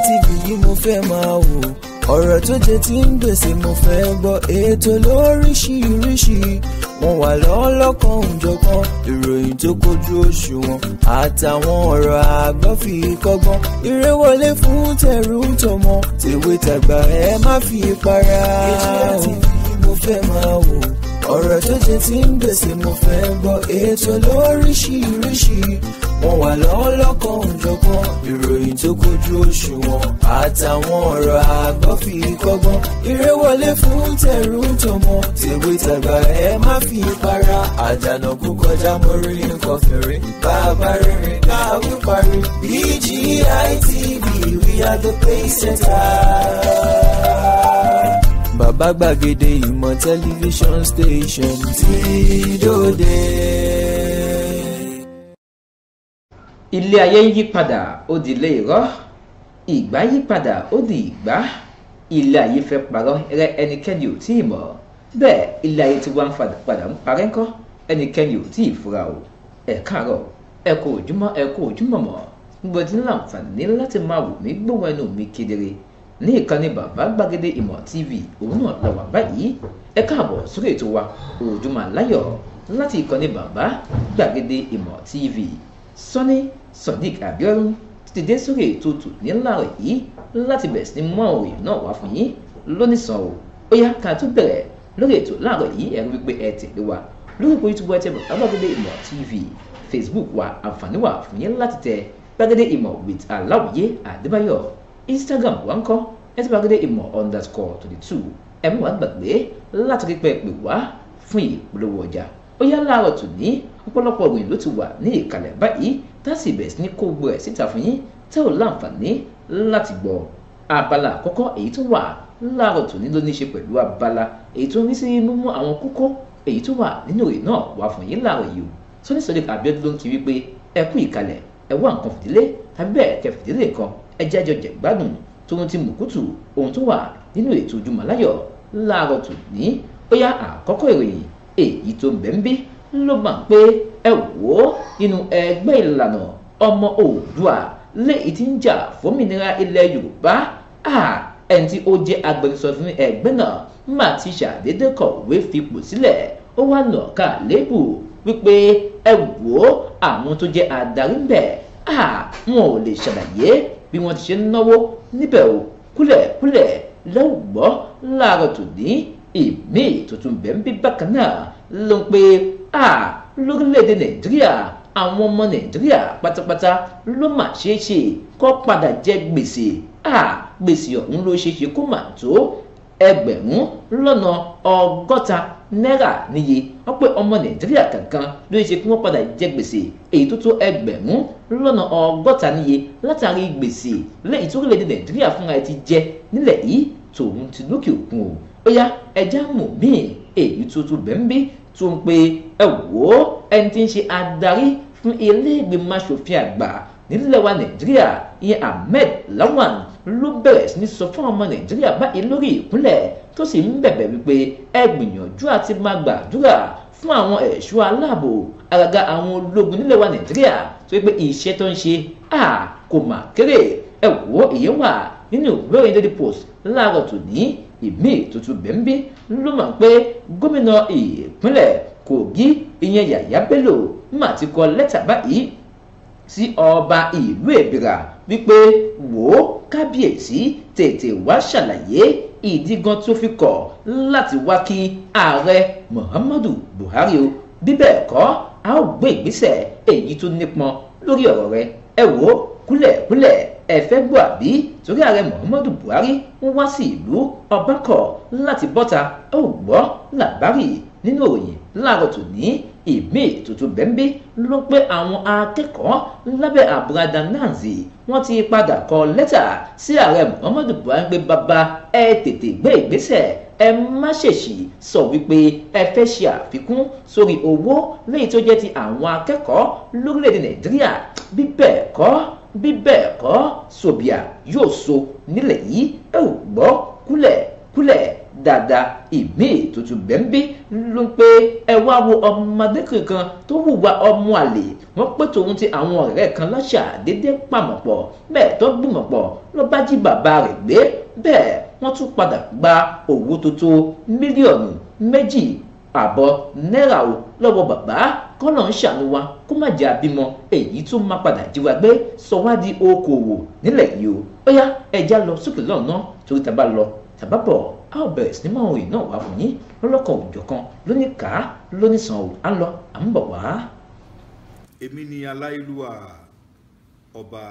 AITV yìí mo fẹ́ máa wò ọ̀rọ̀ tó jẹ ti ń gbèsè mo fẹ́ gbọ́ ètò lóríṣiríṣi wọn wà lọ́lọ́kan òjọ̀kan ìròyìn tó kojú òṣùwọ̀n àtàwọn ọ̀rọ̀ àgbọ́ fi kọ́gbọ́n eré wọlé fún tẹrú tọmọ tèwe tàgbà ẹ má fi para. ètò àti mo fẹ́ máa wò ọ̀rọ̀ tó jẹ ti ń gbèsè mo fẹ́ gbọ́ ètò lóríṣiríṣi wọ́n wà lọ́wọ́ lọ́kọ̀ òjọ̀kan ìròyìn tó kojú òṣùwọ̀n àtàwọn ọ̀rọ̀ àgbọ́fi kọ́gbọ́n eré wọlé fún tẹ̀rù tọmọ tèwe tàgbà ẹ má fi para àjànà kú kọjá mọ́rí nǹkan fèrè bàbá rere káwí parí BGI TV we are the pace setter. bàbá gbàgede ìmọ̀ tẹlifíṣọ̀n station ti dòde ilé ayé ń yí padà ó di ilé irọ́ ìgbà yí padà ó di ìgbà ilé ayé fẹ́ parọ́ rẹ ẹnikẹ́ni ò tí ì mọ̀ bẹ́ẹ̀ ilé ayé tí wọ́n ń padà ń parẹ́ ńkọ́ ẹnikẹ́ni ò tí ì fura o ẹ káàárọ̀ ẹ kú òjúmọ́ ẹ kú òjúmọ́ mọ́ gbogbo tí ń láǹfààní láti máa wò mí gbóhùn ẹnu mi kedere ní ìkànnì bàbá gbàgede ìmọ̀ tv òun náà la wà báyìí ẹ káàbọ̀ sórí ètò wa Ojúmọ́ Láyọ̀ láti ìkànnì bàbá gbàgede ìmọ̀ tv sọ́ni Sodiq Abiodun ti dé sórí ètò tòníláwọ̀ yìí láti bẹ̀rẹ̀ sí ní mú àwọn òye náà wá fún yín lónìsàn o ó yá ká tó bẹ̀rẹ̀ lórí ètò láàárọ̀ yìí ẹ̀rú wípé ẹ tẹ̀lé wa lórúkọ youtube ẹtẹ gbàgede ìmọ̀ tv facebook wa àǹfààní wà fún yín láti tẹ gbàgede ìmọ̀ with aláwòye àdébáyọ̀ instagram wa ń kọ́ ẹtẹ gbàgede ìmọ̀ underscore twenty two ẹ̀mú wa gbàgbé láti rí pẹ́ pè wá fún ìpolówó ọjà ó yá láàárọ̀ tòní ọ̀pọ̀lọpọ̀ ìròyìn ló ti wà ní ìkàlẹ̀ báyìí tásì bẹ̀rẹ̀ sí ní kó gbọ́ ẹ̀ síta fún yín tẹ́ ò láǹfààní láti gbọ́ abala àkọ́kọ́ èyí tó wà láàárọ̀ tòní ló ní ṣe pẹ̀lú abala èyí tó ní sí mímú àwọn kókó èyí tó wà nínú òye náà wà fún yín láàárọ̀ yìí o sọ́ni sọ́dẹ̀ Abíọ́dún ló ń kiri pé ẹ kú ìkàlẹ̀ ẹ wá nǹkan fìdílé tàbí bẹ́ẹ̀ kẹ fìdílé kan ẹ jẹ́jọ jẹ gbádùn tòun ti mùkútù ohun tó wà nínú ètò Ojúmọ́ Láyọ̀ tòní ó yá àkọ́kọ́ ìròyìn èyí tó ń ń bí ló máa ń pé ẹ wò ó nínú ẹgbẹ́ ìlànà ọmọ oòdùà léyìí tí ń jà fòmìnira ilẹ̀ yorùbá ẹni tí ó jẹ́ agbẹnusọ fún ẹgbẹ́ náà má ti ṣàdédé kọ̀wé fipò sílẹ̀ ó wá nà ká lébù wípé ẹ wò ó àwọn tó jẹ́ adarí ń bẹ̀ wọn ò lè ṣàlàyé bí wọ́n ti ṣe ń náwó níbẹ̀ ò kúlẹ̀kúlẹ̀ lẹ́wùgbọ́ láàárọ̀ tòní ìmíì tuntun bẹ́ẹ̀ ń bí bákan náà ló ń pe lórílẹ̀‐èdè nàìjíríà àwọn ọmọ nàìjíríà pátápátá ló mà ṣeé ṣe kó padà jẹ gbèsè gbèsè ọ̀hún ló ṣeé ṣe kó mà tó ẹgbẹ̀rún lọ́nà ọgọ́ta náírà níye wọ́n pé ọmọ nàìjíríà kankan ló ṣe kí wọ́n padà jẹ gbèsè èyí tó tó ẹgbẹ̀rún lọ́nà ọgọ́ta níye látàrí gbèsè lẹ́yìn tó orílẹ̀-èdè nàìjíríà fúnra ẹ ti jẹ nílẹ̀ yìí tòun ti lókè òkun o ó yá ẹja mọ̀ míì èyí tó tó bẹ́ẹ̀ ń bí tún pé ẹ wò ó ẹni tí ń ṣe adarí fún ilé ìgbìmọ̀ asòfin àgbà nílẹ̀ wa nàìjíríà ìyẹn ahmed lawan ló bẹ̀rẹ̀ sí ní sọ fún ọmọ nàìjíríà báyìí lórí ìpínlẹ̀ tó sì ń bẹ̀bẹ̀ wípé ẹ gbìyànjú àti máa gbàdúrà fún àwọn ẹ̀ṣọ́ aláàbò àgàgà àwọn ológun nílẹ̀ wa nàìjíríà tó yẹ pé iṣẹ́ tó ń ṣe à kò mà kéré ẹ wò ó ìyẹn wà nínú ìwé ìròyìn post láàárọ̀ tòní ìmí ìtútù bẹ́ńbí ló mọ̀ pé gómìnà ìpínlẹ̀ Kogi ìyẹn Yàyà Bello mà ti kọ lẹ́tà báyìí sí ọba ìlú Èbìrà wípé wò ó kábíyèsí tètè wá ṣàlàyé ìdí tó fi kọ̀ láti wá kí ààrẹ Muhammadu Buhari o bíbẹ̀ kọ́ a ó gbé ìgbésẹ̀ èyí tó nípọn lórí ọ̀rọ̀ rẹ̀ ẹ wò ó kúlẹ̀kúlẹ̀ ẹ̀fẹ́ gbọ́ àbí torí ààrẹ muhammadu buhari ń wá sí ìlú ọbàkọ̀ láti bọ́ta ó gbọ́ làbárì nínú òòyìn láàárọ̀ tòní ìmí ètùtù bẹ́ńbí ló pé àwọn akẹ́kọ̀ọ́ lábẹ́ àbúradà nancy wọ́n ti padà kọ lẹ́tà sí ààrẹ muhammadu buhari pé bàbá ẹ tètè gbé ìgbésẹ̀ ẹ má ṣèṣì sọ wípé ẹ fẹ́ ṣe àfikún sórí owó léyìí tó jẹ́ ti àwọn akẹ́kọ̀ọ́ lórílẹ̀‐èdè nàìjíríà bí bẹ́ẹ̀ kọ́ bí bẹ́ẹ̀ kọ́ sòbìà yóò so nílẹ̀ yìí ẹ ò gbọ́ kúlẹ̀ kúlẹ̀ dáadáa ìmí ètùtù bẹ́ńbí ló ń pé ẹ wá wo ọmọdé kankan tó hùwà ọmọ àlè wọ́n pé tòun ti àwọn ọ̀rẹ́ kan lọ́ṣà déédéé pàmọ̀pọ̀ bẹ́ẹ̀ tó gbìmọ̀pọ̀ ló bá jí bàbá rẹ̀ gbé bẹ́ẹ̀ wọ́n tún padà gba owó tó mílíọ̀nù méjì àbọ̀ náírà lọ́wọ́ bàbá kọ́nà ń ṣàánú kó má jẹ́ àbímọ èyí tó má padà jí gbé sọ wá di okòwò nílẹ̀ yìí o ó yá ẹja lọ sókè lọ́nà torí tá a bá lọ tá a bá bọ̀ a ò bẹ̀rẹ̀ sí ní mọ̀ òyìn náà wá fún yín lọ́lọ́kan òjọ̀ kan lóníkà lóníṣàn ò à ń lọ à ń bọ̀ wá. èmi ni aláìlúwà ọba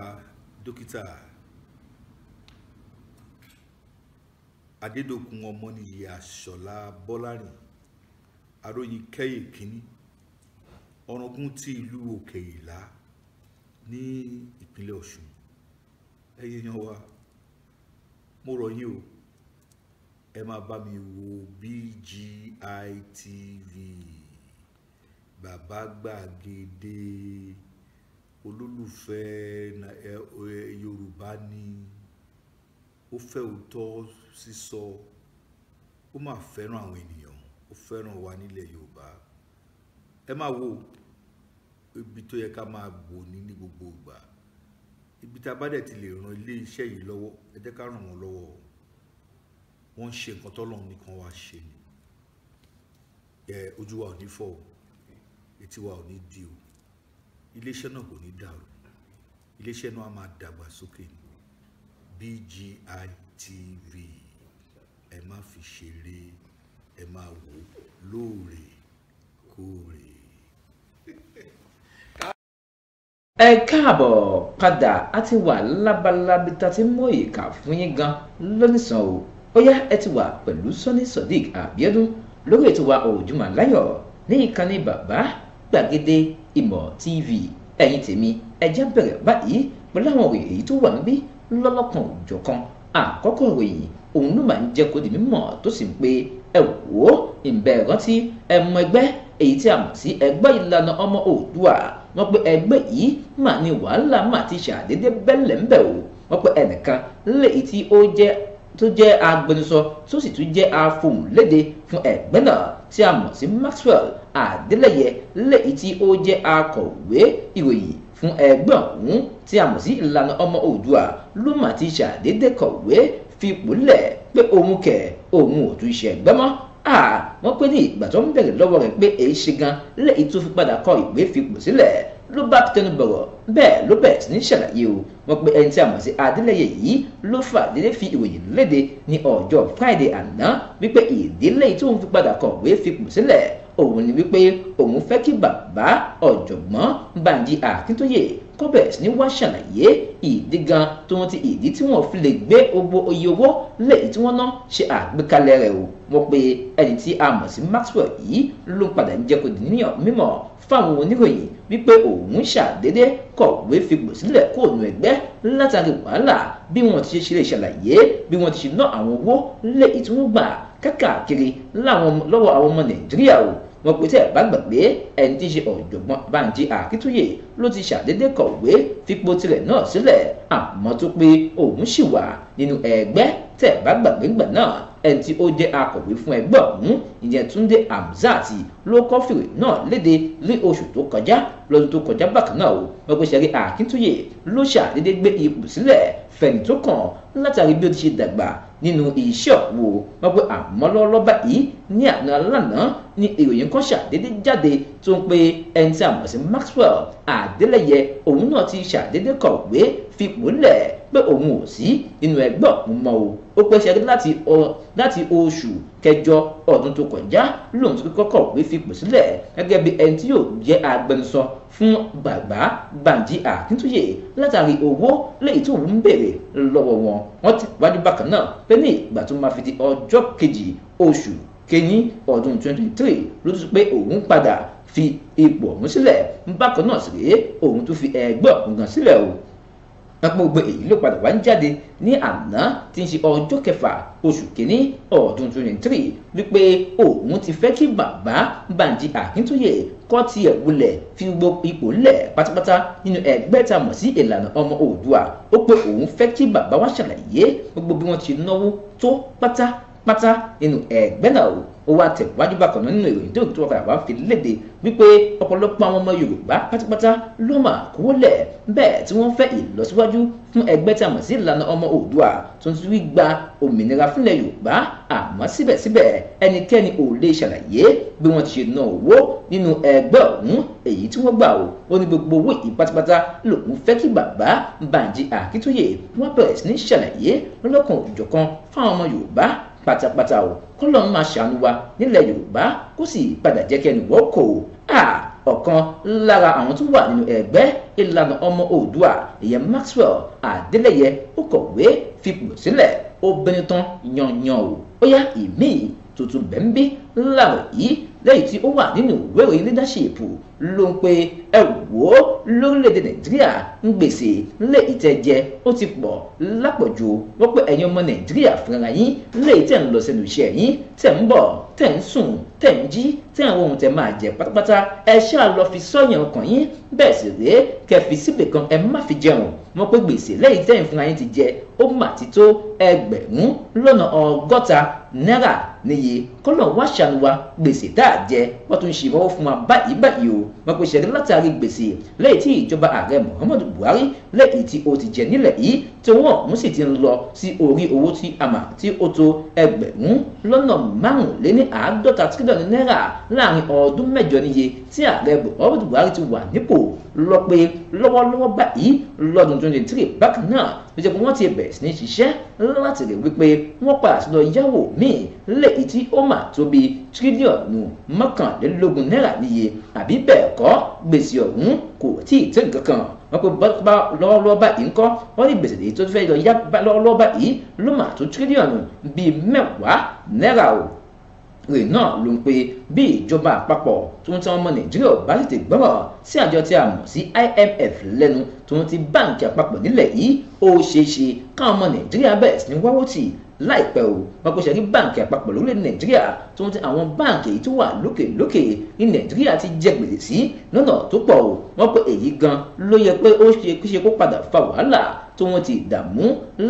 dókítà adédọ̀kun ọmọ nìyí àṣọlá bọ́lárìn aróyin kẹ́yìn kínní ọ̀ràngún ti ìlú òkè ìlà ní ìpínlẹ̀ ọ̀ṣun ẹyẹ yan wa mo rọ̀ yín o ẹ máa bá mi wo BGI TV bàbá gbàgede olólùfẹ́ yorùbá ni ó fẹ́ òótọ́ sísọ ó máa fẹ́ràn àwọn ènìyàn ó fẹ́ràn wa nílẹ̀ yorùbá ẹ máa wo ibi tó yẹ ká máa bò ní ní gbogbo ìgbà ibi tá a bá dẹ̀ ti lè ran ilé iṣẹ́ yìí lọ́wọ́ ẹ jẹ́ ká ràn wọ́n lọ́wọ́ wọ́n ń ṣe nǹkan tọ́lọ́run nìkan wá ṣe ni ojú wa ò ní fọ́ o etí wa ò ní di o iléeṣẹ́ náà kò ní dàrú iléeṣẹ́ náà a máa dàgbà sókè BGI TV ẹ má fi ṣeré ẹ máa wò lóòrèkóòrè ẹ káàbọ̀ padà a ti wà lábalábi ta ti mú ìka fún yín gan lónìsàn o ó yá ẹ ti wà pẹ̀lú sọ́ni sodiq abiodun lórí ètò wa òjúmọ́ láyọ̀ ní ìkànnì bàbá gbàgede ìmọ̀ tv ẹ̀yin tèmi ẹjẹ́ bẹ̀rẹ̀ báyìí pẹ̀lú àwọn òròyìn èyí tó wà níbí lọ́lọ́kan òjọ̀kan àkọ́kọ́ ìròyìn òun ló máa ń jẹ́ kó di mímọ̀ tó sì ń pe ẹ wò ó ìbẹ̀rẹ̀ rántí ẹ̀mọ ẹgbẹ́ èyí tí a mọ̀ sí ẹgbẹ́ ìlànà ọmọ òdùà wọ́n pé ẹgbẹ́ yìí mà ní wàhálà mà ti ṣàdédé bẹ́lẹ̀ ń bẹ̀ o wọ́n pé ẹnìkan léyìí tí ó jẹ́ tó jẹ́ agbẹnusọ tó sì tún jẹ́ afohùnléde fún ẹgbẹ́ náà tí a mọ̀ sí Maxwell Adeleye léyìí tí ó jẹ́ akọ̀wé ìròyìn fún ẹgbẹ́ ọ̀hún tí a mọ̀ sí ìlànà ọmọ Oòduà ló mà ti ṣàdédé kọ̀wé fipò lẹ̀ pé òun kẹ̀ òun ò tún ṣẹgbẹ́ mọ́ wọ́n pé ní ìgbà tó ń bẹ̀rẹ̀ lọ́wọ́ rẹ̀ pé èyí ṣe gan lẹ́yìn tó fi padà kọ ìwé fipò sílẹ̀ ló bá tẹnu bọ̀rọ̀ bẹ́ẹ̀ ló bẹ̀rẹ̀ sí ní ṣàlàyé o wọ́n pe ẹni tí a mọ̀ sí adélẹ́yẹ yìí ló fàdélé fi ìròyìn léde ní ọjọ́ friday àná wípé ìdílé tó ń fi padà kọ̀wé fipò sílẹ̀ òun ni wípé òun fẹ́ kí bàbá ọ̀jọ̀gbọ́n Bánjí Akíntóyè kó bẹ̀rẹ̀ sí ní wá ṣàlàyé ìdí gan tó ń ti ìdí tí wọ́n fi lè gbé gbogbo iye owó lẹ́yìn tí wọ́n ná ṣe àgbékalẹ̀ rẹ̀ o wọ́n pe ẹni tí a mọ̀ sí Maxwell yìí ló padà ń jẹ́ kó di mímọ̀ fáwọn oníròyìn wípé òun ṣàdédé kọ̀wé fipò sílẹ̀ kóònù ẹgbẹ́ látàrí wàhálà bí wọ́n ti ṣe lè ṣàlàyé bí wọ́n ti ṣe ná àwọn owó lẹ́yìn tí wọ́n gbà kákàkiri lọ́wọ́ àwọn ọmọ Nàìjíríà o wọ́n pe tí ẹ bá gbàgbé ẹni tí í ṣe ọ̀jọ̀gbọ́n Bánjí Akíntóyè ló ti ṣàdédé kọ̀wé fipò tirẹ̀ náà sílẹ̀ àmọ́ tó pé òun ṣì wà nínú ẹgbẹ́ tẹ̀ bá gbàgbé gbà náà ẹni tí ó jẹ́ akọ̀wé fún ẹgbẹ́ ọ̀hún ìyẹn Túndé Hamzat ló kọ́ fèrè náà léde lé oṣù tó kọjá lọ́dún tó kọjá bákan náà o wọ́n pe ṣẹ́rí Akíntóyè ló ṣàdédé gbé ipò sílẹ̀ fẹ̀yìn tó kàn látàrí bí ó ti ṣe dàgbà nínú iṣẹ́ òwò wọ́n pé àmọ́ ní àná lánàá ni ìròyìn kan ṣàdédé jáde tó ń pe ẹni tí a mọ̀ sí Maxwell Adélẹ́yẹ òun náà ti ṣàdédé kọ̀wé fipò lẹ̀ pé òun ò sí nínú ẹgbẹ́ òun mọ́ o ó pẹ́ ṣe láti oṣù kẹjọ ọdún tó kọjá lòun ti kọ́kọ́ pé fipò sílẹ̀ gẹ́gẹ́ bí ẹni tí yóò jẹ́ agbẹnusọ fún bàbá Bánjí Akíntúyè látàrí owó léyìí tó ń béèrè lọ́wọ́ wọn wọ́n ti wájú bákan náà pé ní ìgbà tó máa fi di ọjọ́ kejì oṣù kínní ọdún 2023 ló tún pé òun padà fi ipò ọ̀hún sílẹ̀ bákan náà sì rèé òun tó fi ẹgbẹ́ ọ̀hún sílẹ̀ o apọ̀gbẹ́ èyí ló padà wá ń jáde ní àná tí ń ṣe ọjọ́ kẹfà oṣù kínní ọdún 2023 wípé òun ti fẹ́ kí bàbá Bánjí Akíntóyè kọ́ tiẹ̀ wulẹ̀ fi gbogbo ipò lẹ̀ pátápátá nínú ẹgbẹ́ tá a mọ̀ sí ìlànà ọmọ Oòduà ó pé òun fẹ́ kí bàbá wa ṣàlàyé gbogbo bí wọ́n ti náwó tó pátápátá nínú ẹgbẹ́ náà ó wá tẹ̀wájú bákan náà nínú ìròyìn tó tó ọkọ̀ àbá fi léde wípé ọ̀pọ̀lọpọ̀ àwọn ọmọ Yorùbá pátápátá ló mà kówó lẹ̀ bẹ́ẹ̀ tí wọ́n fẹ́ ìlọsíwájú fún ẹgbẹ́ tí a mọ̀ sí ìlànà ọmọ Oòduà tó ń tún gba òmìnira fúnlẹ̀ Yorùbá àmọ́ síbẹ̀síbẹ̀ ẹnikẹ́ni ò lè ṣàlàyé bí wọ́n ti ṣe ná owó nínú ẹgbẹ́ ọ̀hún èyí tí wọ́n gbà ó ó ní gbogbo owó ìpátápátá lòun fẹ́ kí bàbá Bánjí Akíntóyè wọ́n bẹ̀rẹ̀ sí ní ṣàlàyé lọ́lọ́kan òjọ̀kan fáwọn ọmọ Yorùbá pátápátá o kọ́lọ́ máa ṣàánú wa nílẹ̀ yorùbá kó sì padà jẹ́ kẹ́ni wọ́n kò ọ̀kan lára àwọn tó wà nínú ẹgbẹ́ ìlànà ọmọ oòdùà ìyẹn maxwell adélẹ́yẹ ó kọ̀wé fipò sílẹ̀ ó bẹni tán yanyan o ó yá ìmíì tuntun bẹ́ńbí láwọn yìí lẹ́yìn tí ó wà nínú ìwé ìròyìn leadership ló ń pe ẹ wò ó lórílẹ̀‐èdè nàìjíríà ń gbèsè lé ìtẹ́jẹ ó ti pọ̀ lápọ̀jù wọ́n pé ẹ̀yin ọmọ nàìjíríà fúnra yín lé tẹ̀ ń lọ sẹ́nu iṣẹ́ yín tẹ̀ ń bọ̀ tẹ̀ ń sùn tẹ̀ ń jí tẹ̀ àwọn ohun tẹ̀ máa jẹ pátápátá ẹ ṣáà lọ fi sọ́yàn ọkàn yín bẹ́ẹ̀ sì rèé kẹfì síbì kan ẹ má fi jẹun wọ́n pé gbèsè lẹ́yìn tẹ̀yìn fúnra yín ti jẹ ó mà ti tó ẹgbẹ̀rún lọ́nà ọgọ́ta náírà 你。kọ́lọ̀ wá ṣàánú wa gbèsè tá a jẹ wọ́n tún ṣe ìrànwọ́ fún wa báyìí báyìí o wọ́n pe ṣẹ̀rí látàrí gbèsè lẹ́yìn tí ìjọba ààrẹ Muhammadu Buhari lẹ́yìn tí ó ti jẹ nílẹ̀ yìí tí wọ́n ọ̀hún sì ti ń lọ sí orí owó tí a mà tí ó tó ẹgbẹ̀rún lọ́nà márùnléní àádọ́ta tírílíọ̀nù náírà láàrin ọdún mẹ́jọ níye tí ààrẹ Muhammadu Buhari ti wà nípò lọ pé lọ́wọ́lọ́wọ́ báyìí lọ́dún 2023 bákan náà ló jẹ́ pé wọ́n ti bẹ̀rẹ̀ sí ní ṣiṣẹ́ láti rè wípé wọ́n padà sí lọ yáwó míì lẹ́yìn tí ó mà náà tó bíi tírílíọ̀nù mọ́kànlélógún náírà níye àbí bẹ́ẹ̀ kọ́ gbèsè ọ̀hún kò tí ì tó nǹkan wọ́n pe bá lọ́wọ́lọ́wọ́ báyìí ńkọ́ wọ́n ní gbèsè èyí tó fẹ́ lọ yá lọ́wọ́lọ́wọ́ báyìí ló mà tó tírílíọ̀nù bíi mẹ́wàá náírà o rè náà ló ń pe bí ìjọba àpapọ̀ tó ń tán ọmọ nàìjíríà bá tètè gbọ́rọ̀ sí àjọ tí a mọ̀ sí IMF lẹ́nu tó ń ti báǹkì àpapọ̀ nílẹ̀ yìí ó ṣeé ṣe káwọn ọmọ nàìjíríà bẹ̀rẹ̀ sí ní wáwó tì láìpẹ́ o wọn kò ṣe rí báǹkì àpapọ̀ lórílẹ̀ nàìjíríà tó ń ti àwọn báǹkì èyí tó wà lókè lókè ní nàìjíríà ti jẹ gbèsè sí lọ́nà tó pọ̀ o wọn pé èyí gan ló yẹ pé ó ṣe kó padà fa wàhálà tó wọ́n ti dààmú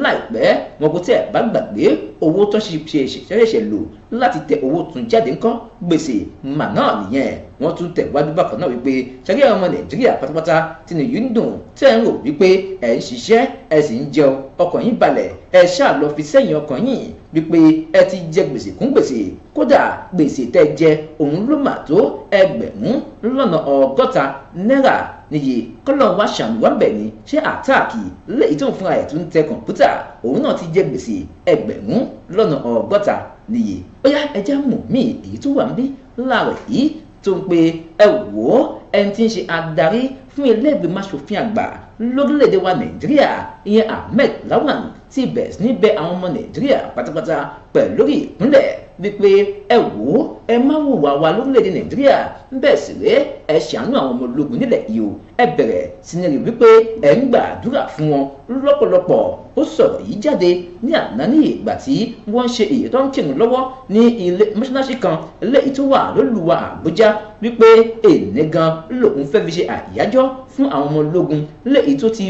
láìpẹ́ wọn kò tẹ́ ẹ̀ bá gbàgbé owó tó ṣẹ̀ṣẹ̀ lò láti tẹ owó tún jáde ńkọ́ gbèsè mà náà nìyẹn wọ́n tún tẹ̀wájú bákan náà wípé ṣẹ́rí ọmọ nàìjíríà pátápátá tí nìyí ń dùn tẹ́ ń rò wípé ẹ̀ ń ṣiṣẹ́ ẹ̀ sì ń jẹun ọkàn yín balẹ̀ ẹ̀ ṣáà lọ fi sẹ́yìn ọkàn yín wípé ẹ ti jẹ gbèsè kún gbèsè kódà gbèsè tẹ́ jẹ òun ló mà tó ẹgbẹ̀rún lọ́nà ọgọ́ta náírà níyì kọ́lọ́n wá ṣàmùwá ni ṣé àtáàkì léyìí tó ń fúnra ẹ̀ tó ń tẹ kọ̀ǹpútà òun náà ti jẹ gbèsè ẹgbẹ̀rún lọ́nà ọgọ́ta níyì ó yá ẹja mú èyí tó wà ń bí láàrẹ̀ yìí tó ń pe ẹ wò ó ẹni tí ń ṣe adarí fún ilé ìgbìmọ̀ aṣòfin àgbà lórílẹ̀‐èdè wa nàìjíríà ìyẹn ahmed lawan ti bẹ̀rẹ̀ sí ní bẹ àwọn ọmọ nàìjíríà pátápátá pẹ̀lú lórí ìpínlẹ̀ wípé ẹ wò ó ẹ má hùwà wa lórílẹ̀‐èdè nàìjíríà ń bẹ̀ sí ré ẹ ṣàánú àwọn ọmọ ológun nílẹ̀ yìí o ẹ bẹ̀rẹ̀ sí ní rí wípé ẹ ń gbàdúrà fún wọn lọ́pọ̀lọpọ̀ ó sọ̀rọ̀ yìí jáde ní àná ní ìgbà tí wọ́n ń ṣe èyí tó ń kírun lọ́wọ́ ní ilé mọ́ṣáláṣí kan eléyìí tó wà lólùwà àbújá wípé ènìyàn lòun fẹ́ fi ṣe àyájọ́ fún àwọn ọmọ ológun léyìí tó ti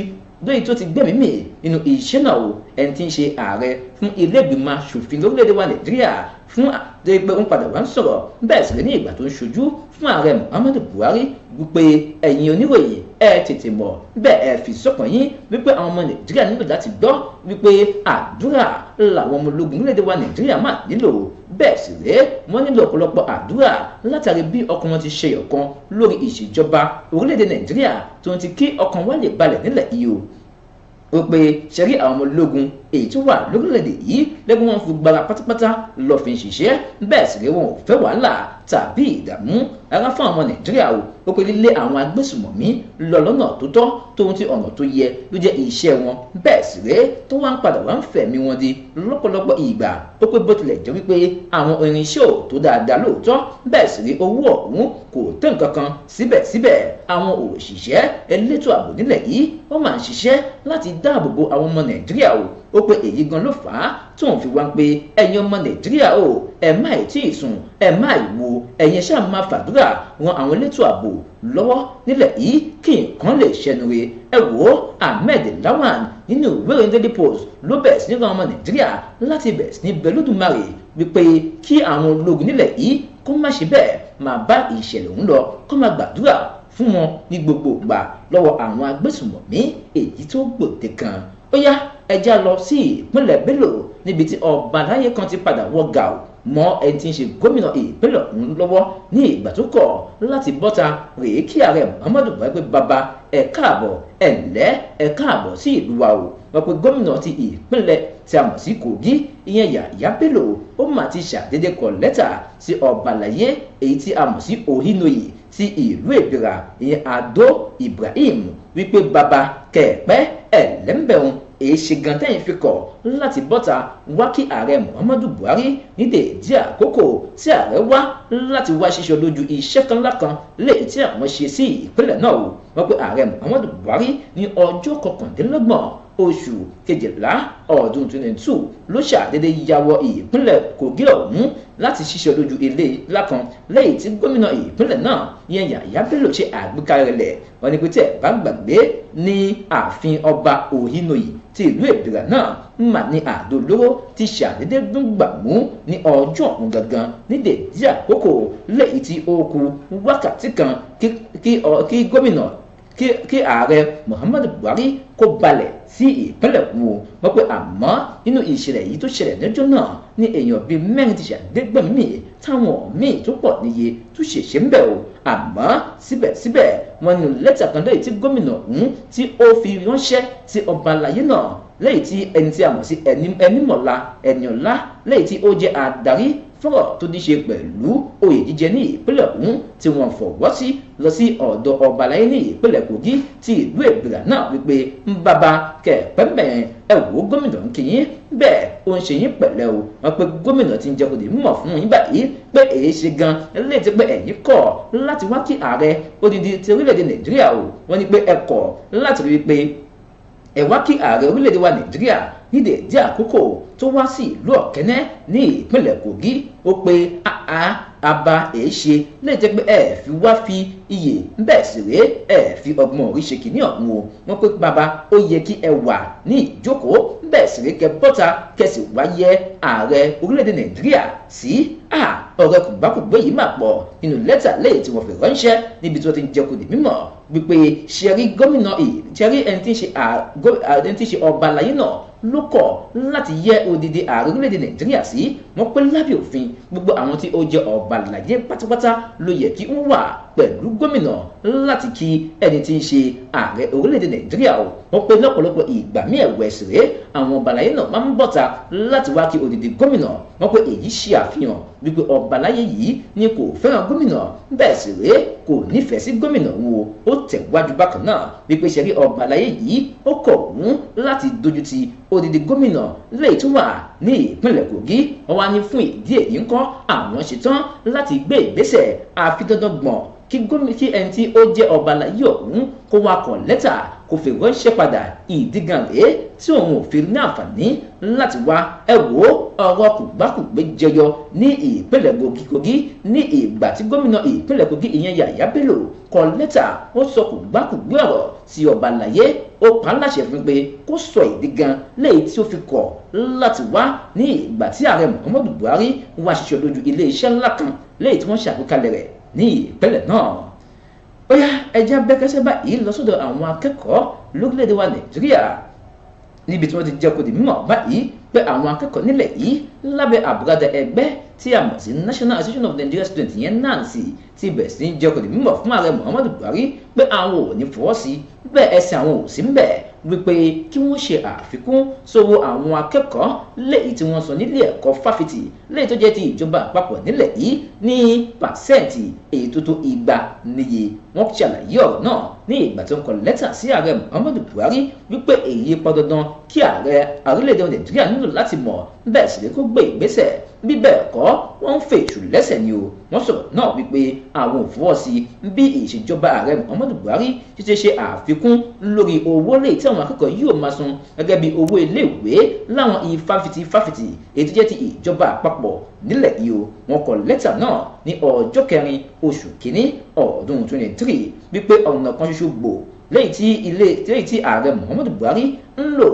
lóyìn tó ti gbẹ̀mí mì nínú ìṣẹ́ náà o ẹni tí ń ṣe ààrẹ fún ilé-ìgbìmọ̀ aṣòfin lórílẹ̀‐èdè wa nàìjíríà fún àdéhùn ń padà wá ń sọ̀rọ̀ bẹ́ẹ̀ sì lé ní ìgbà tó ń ṣojú fún ààrẹ muhammadu buhari wípé ẹ̀yin oníròyìn ẹ tètè mọ̀ bẹ́ẹ̀ ẹ fi sọ́kàn yín wípé àwọn ọmọ nàìjíríà nílò láti gbọ́ wípé àdúrà làwọn ọmọ ológun lórílẹ̀‐èdè wa nàìjíríà máa nílò bẹ́ẹ̀ sì rèé wọ́n nílò ọ̀pọ̀lọpọ̀ àdúrà látàrí bí ọkàn wọn ti ṣe ọ̀kan lórí ìṣèjọba orílẹ̀-èdè nàìjíríà tó ń ti kí ọkàn wọn lè balẹ̀ nílẹ̀ yìí o ó pé ṣẹ́rí àwọn ọmọ ológun èyí tó wà lórílẹ̀ yìí lẹ́gbẹ́ wọn fi gbára pátápátá lọ ṣiṣẹ́ bẹ́ẹ̀ sì lé wọn ò fẹ́ wàhálà tàbí ìdààmú ara fún àwọn nàìjíríà o ó pe lílé àwọn agbésùmọ̀mí lọ lọ́nà tó tọ́ tóun ti ọ̀nà tó yẹ ló jẹ́ iṣẹ́ wọn bẹ́ẹ̀ sì ré tó wá ń padà wá ń fẹ̀mí wọn di lọ́pọ̀lọpọ̀ ìgbà ó pé bó tilẹ̀ jẹ́ wípé àwọn irinṣẹ́ ò tó dáadáa lóòótọ́ bẹ́ẹ̀ sì rí owó ọ̀hún kò tó nǹkan kan síbẹ̀síbẹ̀ àwọn òṣìṣẹ́ elétò ààbò nílẹ̀ yìí wọ́n máa ń ṣiṣẹ́ láti dáàbò ó pé èyí gan ló fà á tóun fi wá pé ẹ̀yin ọmọ nàìjíríà o ẹ má ì tí ì sùn ẹ má ì wo ẹ̀yin ṣáà máa fàdúrà ran àwọn elétò ààbò lọ́wọ́ nílẹ̀ yìí kí nǹkan lè ṣẹnu ẹ wò ó ahmed lawan nínú ìwé daily post ló bẹ̀rẹ̀ sí ní ran ọmọ nàìjíríà láti bẹ̀rẹ̀ sí ní bẹlódùmarè wípé kí àwọn ológun nílẹ̀ yìí kó má ṣe bẹ́ẹ̀ máa bá ìṣẹ̀lẹ̀ òun lọ kó má gbàdúrà fún wọn ní gbogbo ìgbà lọ́wọ́ àwọn agbésùnmọ̀mí èyí tó gbòde kan ó yá ẹja lọ sí ìpínlẹ̀ Bello níbi tí ọba aláyé kan ti padà wọ gàù mọ ẹni tí ń ṣe gómìnà ìpínlẹ̀ ọ̀hún lọ́wọ́ ní ìgbà tó kọ̀ láti bọ́ta rèé kí ààrẹ Muhammadu Buhari pé bàbá ẹ káàbọ̀ ẹ ǹlẹ́ ẹ káàbọ̀ sí ìlú wa o wọ́n pe gómìnà ti ìpínlẹ̀ tí a mọ̀ sí Kogi ìyẹn Yàyà Bello ó mà ti ṣàdédé kọ lẹ́tà sí ọba aláyé èyí tí a mọ̀ sí Ohinoyi ti ìlú Ìbírà ìyẹn Ado Ibrahim wípé bàbá kẹ̀pẹ́ ẹ̀lẹ́mbẹ̀rún èéṣe gan tẹ́yìn fi kọ̀ láti bọ́ta wá kí ààrẹ Muhammadu Buhari ní dèédé àkókò tí ààrẹ wá láti wá ṣíṣe lójú iṣẹ́ kan lákan lè tí àwọn ṣe sí ìpínlẹ̀ náà wọ́n pé ààrẹ Muhammadu Buhari ní ọjọ́ kọkàndínlọ́gbọ̀n oṣù kejìlá ọdún 2022 ló ṣàdédé yàwọ ìpínlẹ̀ Kogi ọ̀hún láti ṣiṣẹ́ lójú ilé lákan lẹ́yìn tí gómìnà ìpínlẹ̀ náà yẹn Yàyà Bello ṣe àgbékalẹ̀ wọn ni pé tẹ̀ bá gbàgbé ní ààfin ọba Ohinoyi ti ìlú Ìbìrà náà mà ní àdó olóró ti ṣàdédé gbàmú ní ọjọ́ ọ̀hún gangan ní dèjì àkókò lẹ́yìn tí ó kù wákàtí kan kí gómìnà kí ààrẹ Muhammadu Buhari kó balẹ̀ sí ìpínlẹ̀ wo wọ́n pé àmọ́ nínú ìṣẹ̀lẹ̀ yìí tó ṣẹlẹ̀ lọ́jọ́ náà ni èèyàn bíi mẹ́rin ti ṣàdégbẹ̀mí táwọn míì tó pọ̀ níye tó ṣèṣe ń bẹ̀ o àmọ́ síbẹ̀síbẹ̀ wọ́n ní lẹ́tà kan lẹ́yìn tí gómìnà ọ̀hún tí ó fi ránṣẹ́ sí ọba àlàyé náà lẹ́yìn tí ẹni tí a mọ̀ sí ẹni mọ̀lá ẹni ọ̀lá lẹ́yìn tí ó jẹ́ adarí fọ́rọ̀ tó ní ṣe pẹ̀lú oyè jíjẹ ní ìpínlẹ̀ ọ̀hún tí wọ́n fọ̀wọ́ sí lọ sí ọ̀dọ̀ ọba láyé ní ìpínlẹ̀ kogi ti ìlú èbìrà náà wípé ń bàbá kẹ̀pẹ́ ẹ wò ó gómìnà ń bẹ́ẹ̀ ó ń ṣe yín pẹ̀lẹ́ o wọ́n pe gómìnà ti ń jẹ́ òde mọ̀ fún yín báyìí pé èyí ṣe gan léè pé ẹ̀yin kọ̀ láti wá kí ààrẹ odidi ti orílẹ̀-èdè nàìjíríà o wọ́n ní pé ẹ kọ̀ láti rí i pé ẹ wá kí ààrẹ orílẹ̀-èdè wa nàìjíríà ní dèédé àkókò tó wá sí ìlú ọ̀kẹ́nẹ́ ní ìpínlẹ̀ kogi ó pe àá aba èéṣe lè jẹ́ pé ẹ fi wá fi iyè ńbẹ̀ sì rèé ẹ fi ọgbọ́n orí ṣe kìíní ọ̀hún o wọ́n pé bàbá ó yẹ kí ẹ wà ní ìjókòó ńbẹ̀ sì rèé kẹ bọ́ta kẹsì wáyé ààrẹ orílẹ̀-èdè nàìjíríà sí Ah, ọ̀rọ̀ kògbákògbé yìí mà pọ̀ nínú lẹ́tà lẹ́yìn tí wọ́n fi ránṣẹ́ níbi tí wọ́n ti ń jẹ́ kó di mímọ̀ wípé ṣẹ́rí gómìnà ṣẹ́rí ẹni tí ń ṣe ọba àlàyé náà ló kọ̀ láti yẹ odidi ààrẹ orílẹ̀-èdè nàìjíríà sí wọ́n pé lábẹ́ òfin gbogbo àwọn tí ó jẹ́ ọba àlàyé pátápátá ló yẹ kí wọ́n wà pẹ̀lú gómìnà láti kí ẹni tí ń ṣe ààrẹ orílẹ̀-èdè nàìjíríà wọ́n pé lọ́pọ̀lọpọ̀ ìgbà mí ẹ̀wẹ̀ ẹ̀sìrè àwọn ọ̀bàlàyé náà máa ń bọ̀ta láti wá kí odidi gómìnà wọ́n pé èyí ṣe àfihàn wípé ọ̀bàlàyé yìí ni kò fẹ́ràn gómìnà bẹ́ẹ̀ sì rèé kò nífẹ̀ẹ́ sí gómìnà wo ó tẹ̀wájú bákan náà wípé ṣẹ̀rí ọ̀bàlàyé yìí ó kọ̀ ọ̀hún láti dojú ti odidi gómìnà lè tún wà ní ìpínlẹ̀ Kogi wọ́n wá ní fún ìdí èyí ńkọ́ àwọn ṣetán láti gbé ìgbésẹ̀ àfidandangbọ̀n kí gómìnà kí ẹni tí ó jẹ́ ọba aláyé ọ̀hún kó wá kọ lẹ́tà kò fi ránṣẹ́ padà ìdígan rèé tí òun ò fi ní àǹfààní láti wá ẹ wò ó ọ̀rọ̀ kùgbákùgbé jẹyọ ní ìpínlẹ̀ Kogi ní ìgbà tí gómìnà ìpínlẹ̀ Kogi ìyẹn Yàyà Bello kọ lẹ́tà ó sọ kùgbákùgbé ọ̀rọ̀ tí ọba àlàyé ó pa láṣẹ fún pé kó sọ ìdígan léyìí tí ó fi kọ̀ láti wá ní ìgbà tí ààrẹ Muhammadu Buhari wá ṣiṣẹ́ lójú iléeṣẹ́ ńlá kan léyìí tí wọ́n ṣàgbékalẹ̀ rẹ̀ ní ìpínlẹ̀ náà ó yá ẹja bẹ́kẹ́sẹ́ báyìí lọ sọ́dọ̀ àwọn akẹ́kọ̀ọ́ lórílẹ̀‐èdè wa nàìjíríà níbi tí wọ́n ti jẹ́ kó di mímọ̀ báyìí pé àwọn akẹ́kọ̀ọ́ nílẹ̀ yìí lábẹ́ àbúradà ẹgbẹ́ tí a mọ̀ sí National Association of Nigerian Students yẹn náà sì ti bẹ̀rẹ̀ sí jẹ́ kó di mímọ̀ fún ààrẹ Muhammadu Buhari pé àwọn ò ní fọwọ́ sí bẹ́ẹ̀ ẹsẹ̀ àwọn ò sí ń wípé kí wọ́n ṣe àfikún sówó àwọn akẹ́kọ̀ọ́ léyìí tí wọ́n san nílé ẹ̀kọ́ fáfitì léyìí tó jẹ́ ti ìjọba àpapọ̀ nílẹ̀ yìí ní pàṣẹ́ǹtì èyí tó tó igba níye wọ́n ṣàlàyé ọ̀rọ̀ náà ní ìgbà tó ń kọ lẹ́tà sí ààrẹ muhammadu buhari wípé èyí pọn dandan kí ààrẹ orílẹ̀-èdè nàìjíríà nílò láti mọ̀ bẹ́ẹ̀ sì ni kó gbé ìgbésẹ̀ bí bẹ́ẹ̀ kọ́ wọ́n ń fèsù lẹ́sẹ̀ ni o wọ́n sọ̀rọ̀ náà wípé àwọn ò fọwọ́ sí bí ìṣèjọba ààrẹ muhammadu buhari ti ti ṣe àfikún lórí owó lè tí àwọn akẹ́kọ̀ọ́ yóò máa san gẹ́gẹ́ bí owó iléèwé láwọn ifáfitì fáfitì èyí tó jẹ́ ti ìjọba àpapọ̀ nílẹ̀ yìí o wọ́n kọ lẹ́tà náà ní ọjọ́ kẹrin oṣù kínní ọdún twenty three wípé ọ̀nà kan ṣoṣo gbòò lẹ́yìn tí ilé lẹ́yìn tí ààrẹ Muhammadu Buhari ń lò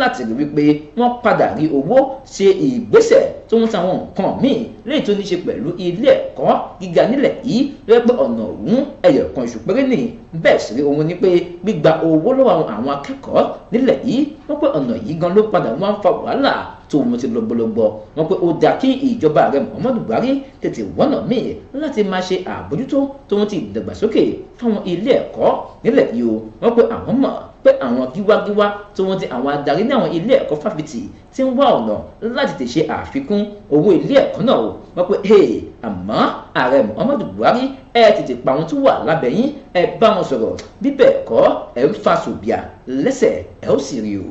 láti rí wípé wọ́n padà rí owó ṣe ìgbésẹ̀ tó ń tàwọn nǹkan míì léyìí tó ní ṣe pẹ̀lú ilé ẹ̀kọ́ gíga nílẹ̀ yìí lọ́wọ́ ọ̀nà òun ẹyọ kan oṣù péré nìyí bẹ́ẹ̀ sì rí òun ni pé gbígba owó lọ́wọ́ àwọn akẹ́kọ̀ọ́ nílẹ̀ yìí wọ́n pé ọ̀nà yìí gan ló padà wọ́n á fa wàhálà tó wọn ti lọgbọlọgbọ wọ́n pé ó dáa kí ìjọba ààrẹ Muhammadu Buhari tètè wọnà míì láti máa ṣe àbójútó tó wọn ti dàgbàsókè fáwọn ilé ẹ̀kọ́ nílẹ̀ yìí o wọ́n pé àwọn mọ̀ pé àwọn gíwágíwá tó wọ́n di àwọn adarí ní àwọn ilé ẹ̀kọ́ fáfitì ti ń wá ọ̀nà láti tè ṣe àfikún owó ilé ẹ̀kọ́ náà wọ́n pé hey àmọ́ ààrẹ Muhammadu Buhari ẹ tètè pa àwọn tó wà lábẹ́ yín ẹ bá wọn sọ̀rọ̀ bíbẹ̀ ẹ̀kọ́ ẹ ń fa sòbíà lẹ́sẹ̀ ẹ ó sì rí o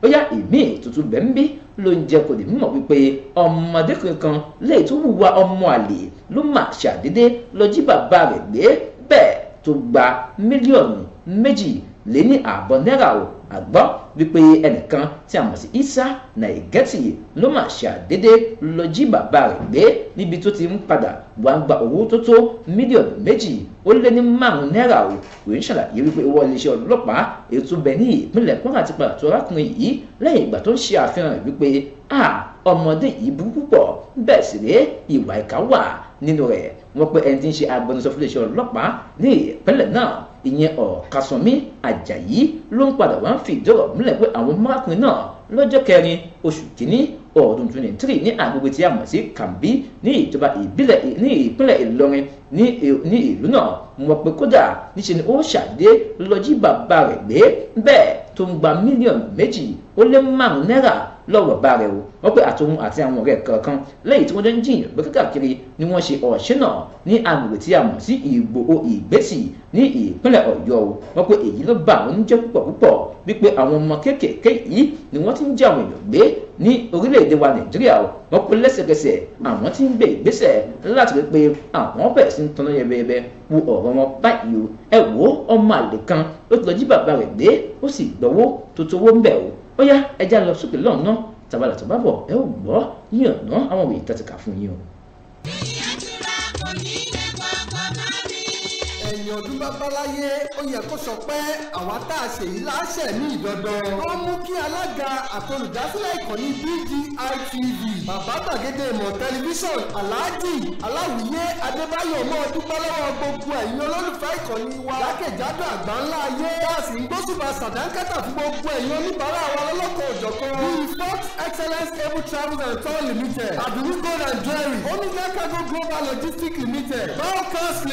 bóyá ìmí tuntun bẹ́ẹ̀ ń bí ló ń jẹ́ kó lè mọ̀ wípé ọmọdékùnrin kan lè tún hùwà ọmọ àlè ló mà ṣàdédé lọ jí bàbá rẹ̀ gbé bẹ́ẹ̀ tó gba mílíọ̀nù méjì lé ní ààbọ̀ náírà o àgbọ́ wípé ẹnìkan tí a mọ̀ sí Isa Naigeti ló mà ṣàdédé lọ jí bàbá rẹ̀ gbé níbi tó ti ń padà wàá gba owó tó tó mílíọ̀nù méjì ó lé ní márùn náírà o òun ṣàlàyé wípé owó iléeṣẹ́ ọlọ́pàá ètò bẹ̀ ní ìpínlẹ̀ Kwara ti padà tó arákùnrin yìí lẹ́yìn ìgbà tó ń ṣe àfihàn wípé ọmọdé yìí burú púpọ̀ bẹ́ẹ̀ sì rèé ìwà ìkà wà nínú rẹ̀ wọ́n pé ẹni tí ń ṣe agbẹnusọ fún iléeṣẹ́ ọlọ́pàá ní ìpínlẹ̀ náà ìyẹn ọ̀kasùnmí àjàyí ló ń padà wá ń fi ìdọ́rọ̀ múlẹ̀ pé àwọn mọ́kùnrin náà lọ́jọ́ kẹrin oṣù kìíní ọdún twenty three ní agbègbè tí a mọ̀ sí kàmbí ní ìjọba ìbílẹ̀ ní ìpínlẹ̀ ìlọrin ní ìlú náà mọ̀ pé kódà níṣẹ́ ni ó ṣàdé lọ bàbá rẹ̀ gbé bẹ́ẹ̀ tó ń gba mílíọ̀nù méjì ó lé márùn-ún náírà lọ́wọ́ bá rẹ̀ o wọ́n pé àtòun àti àwọn ọ̀rẹ́ kankan lẹ́yìn tí wọ́n jọ ń jiyàn pé káàkiri ni wọ́n ṣe ọ̀ṣẹ́ náà ní agbègbè tí a mọ̀ sí Ìgbòho Ìgbésì ní ìpínlẹ̀ Ọ̀yọ́ o wọ́n pé èyí ló bà wọ́n jẹ́ púpọ̀ púpọ̀ wípé àwọn ọmọ kéékèèké yìí ni wọ́n ti ń jẹ́ àwọn èèyàn gbé ní orílẹ̀-èdè wa Nàìjíríà o wọ́n pé lẹ́sẹ̀kẹsẹ̀ àwọn ti ń gbé ìgbésẹ̀ láti rí pé àwọn bẹ̀rẹ̀ sí ń tanná yẹbẹyẹbẹ ku ọ̀rọ̀ wọn báyìí o ẹ wò ó ọmọ àlè kan ó ti lọ jí bàbá rẹ̀ dé ó sì gbọ́wọ́ tó towó ń bẹ̀ o ó yá ẹja lọ sókè lọ́nà tàbálà tó bá bọ̀ ẹ ò gbọ́ yíyan ná àwọn òye tàtìkà fún yín o. ẹ̀yìn ọdún bábáláyé ó yẹ kó sọ pé àwa tá a ṣèyí láṣẹ ní ìdọ́dọ́. ó mú kí alága àtolùdásílẹ̀ ìkànnì BGI bàbá gbàgede ìmọ̀ tẹlifíṣàn aláàjì aláwìyé adébáyọ̀ mọ́ dúpẹ́ lọ́wọ́ gbogbo ẹ̀yin olólùfẹ́ ìkànnì wa lákèjádò àgbáńlá ayé láàsì ń gbósùbà sàdánkátà fún gbogbo ẹ̀yin oníbàárà wa lọ́lọ́kọ̀ òjọ̀kan bíi Fox limited àdúgbò gold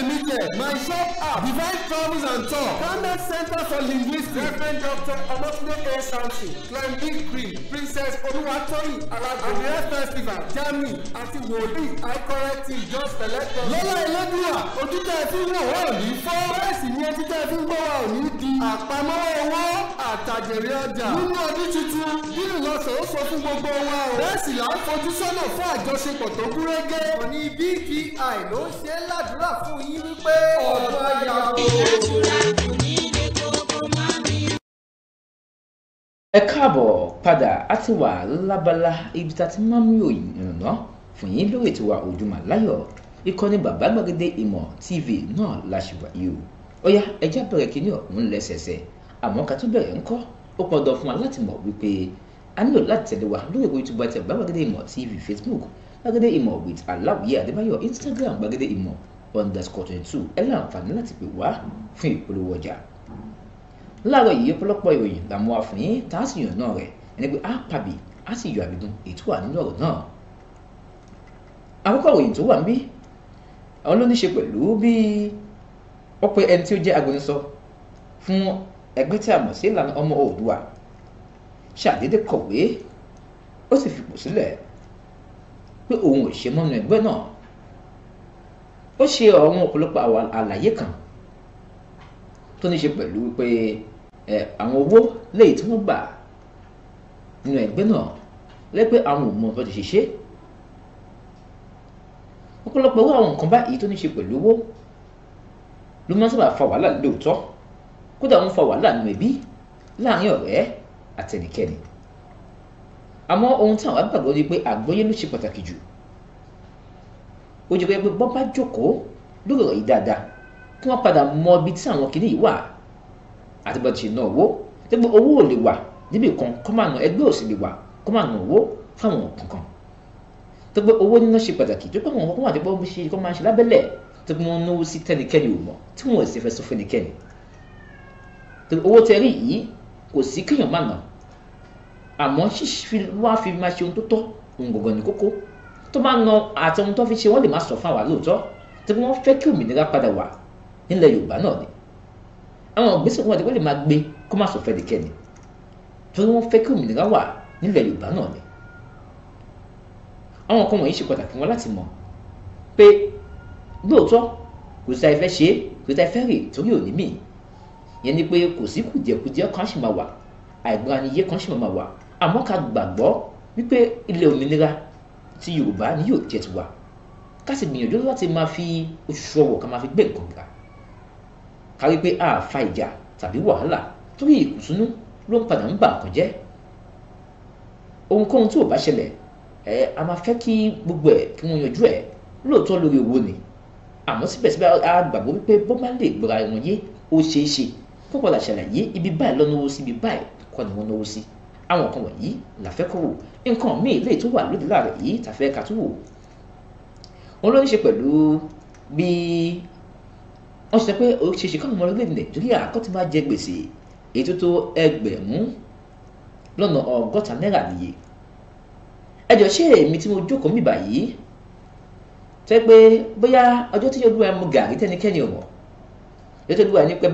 limited my shop made up. divine promise and talk. Camden Center for Linguistics. Reverend Doctor Omotunde A. Samson. Clemmie Green. Princess Oluwatoyin. Alago. And the Earth Festival. Jami àti Wòlíì Àìkọ́rẹ́ ti ìjọ Sẹ̀lẹ́tọ̀. Lọ́lá Elédùà, ojú tẹ́ ẹ fi ń wọ̀ wọ́n ò ní fọ́. Bẹ́ẹ̀ sì ni ojú tẹ́ ẹ fi ń gbọ́ wa ò ní di. Àpamọ́ owó àtàjèrè ọjà. Nínú ọdún tuntun, nínú lọ́sàn-án ó sọ fún gbogbo wa o. Bẹ́ẹ̀ sì là ń fojú sọ́nà fún àjọṣepọ̀ tó gúnrégé. Òní BPI ló ń ṣe é ládùúrà fún ẹ káàbọ̀ padà á ti wà lábala ibi tá a ti máa ń rí òyìn ìrànlọ́ fún yín lórí ètò wa Òdùmàláyọ̀ ìkànnì bàbá gbàgede ìmọ̀ TV náà la ṣì o ó yá ẹjẹ́ bẹ̀rẹ̀ kínní ọ̀hún lẹ́sẹsẹ àmọ́ ká tó bẹ̀rẹ̀ ńkọ́ ó pọn dandan fún wa láti mọ̀ wípé a nílò láti tẹ̀lé wa lórí ètò YouTube àti gbàgede ìmọ̀ TV Facebook gbàgede ìmọ̀ with aláwìyé adébáyọ̀ Instagram gbàgede ìmọ̀ underscore twenty two ẹ láǹfààní láti pè wá fún ìpolówó ọjà láàárọ̀ yìí ọ̀pọ̀lọpọ̀ ìròyìn làwọn àfòyín tá a sì yàn náà rẹ̀ ẹni pé a pàbí a sì yọ àbídùn ètò wà nínú ọ̀rọ̀ náà àkọ́kọ́ ìròyìn tó wà ń bí àwọn ló ní ṣe pẹ̀lú bí wọ́n pe ẹni tí ó jẹ́ agbẹnusọ fún ẹgbẹ́ tí a mọ̀ sí ìlànà ọmọ oòdùà ṣàdédé kọ̀wé ó sì fipò sílẹ̀ pé òun ò ṣe mọ́nu ẹgbẹ́ náà ó ṣe àwọn ọ̀pọ̀lọpọ̀ àlàyé kan tó ní ṣe pẹ̀lú pé àwọn owó léyìí tí wọ́n gbà nínú ẹgbẹ́ náà lẹ́pẹ́ àwọn ò mọ ọ̀tọ́ ti ṣe ṣe ọ̀pọ̀lọpọ̀ owó àwọn nǹkan báyìí tó ní ṣe pẹ̀lú owó ló máa ń sábà fa wàhálà lóòótọ́ kódà ń fa wàhálà nínú ẹbí láàrin ọ̀rẹ́ àtẹnikẹ́ni àmọ́ ohun tí àwọn àgbàgbọ́ ni pé àgbọ́yé ló ṣe pàtàkì jù ó jẹ́ pé bọ́ bá jókòó lórí ọ̀rọ̀ yìí dáadáa kí wọ́n padà mọ ibi tí àwọn kìnìún yìí wà àti bọ́dọ̀ ṣe ná owó dégbò owó ò lè wà níbi kan kọ́mánù ẹgbẹ́ ò sì lè wà kọ́mánù owó fáwọn kankan dégbò owó níná ṣe pàtàkì tó pé wọn wà dégbò ṣe kọ́ máa ṣe lábẹ́lẹ̀ tó pé wọn náwó sí tẹnikẹ́ni ò mọ̀ tí wọn ò sì fẹ́ sọ fẹ́nikẹ́ni dégbò owó tó bá na àti ohun tó fi ṣe wọ́n lè má sọ fún àwa lóòótọ́ tí wọ́n fẹ́ kí òmìnira padà wà nílẹ̀ Yorùbá náà ni àwọn ògbésẹ̀ wọn wọ́n lè máa gbé kó má sọ fẹ́nikẹ́ni torí wọ́n fẹ́ kí òmìnira wà nílẹ̀ Yorùbá náà ni àwọn kan wọ̀nyí ṣe pàtàkì wọn láti mọ̀ pé lóòótọ́ kò sí àìfẹ́ ṣe é kò sí àìfẹ́ rè torí òní mì yẹn ni pé kò sí kùdìẹ̀kudiẹ kan ṣì máa wà àìgbọ́ra ti Yorùbá ni yóò jẹ́ tiwa ká sì gbìyànjú láti máa fi oṣù ọwọ̀ ká máa fi gbé nǹkan ga ká rí pé a fa ìjà tàbí wàhálà torí ìkùnsínú ló ń padà ń bà kàn jẹ́ ohunkóhun tí ò bá ṣẹlẹ̀ ẹ a máa fẹ́ kí gbogbo ẹ̀ kí wọ́n yanjú ẹ̀ lóòótọ́ lórí owó ni àmọ́ síbẹ̀síbẹ̀ a gbàgbọ́ wípé bó máa lè gbọ́ra wọn yé ó ṣeé ṣe kó padà ṣàlàyé ibi báyìí lọ́nà owó sí ibi báyìí kọ́ ni wọ́n náwó sí. Si àwọn nǹkan wọ̀nyí làfẹ́ kó wò nǹkan míì lè tó wà lóde láàrẹ̀ yìí tàfẹ́ ká tó wò wọn ló ní ṣe pẹ̀lú bí wọ́n ṣe sọ pé oríṣiríṣi káwọn ọmọ orílẹ̀-èdè nàìjíríà kó ti máa jẹ gbèsè èyí tó tó ẹgbẹ̀rún lọ́nà ọgọ́ta náírà nìyí ẹ jọ ṣé èmi tí mo jókòó mi báyìí tẹ́ pé bóyá ọjọ́ tí olúwa mu gàrí tẹ́nikẹ́ni ọ̀mọ̀ ètò olúwa ní pé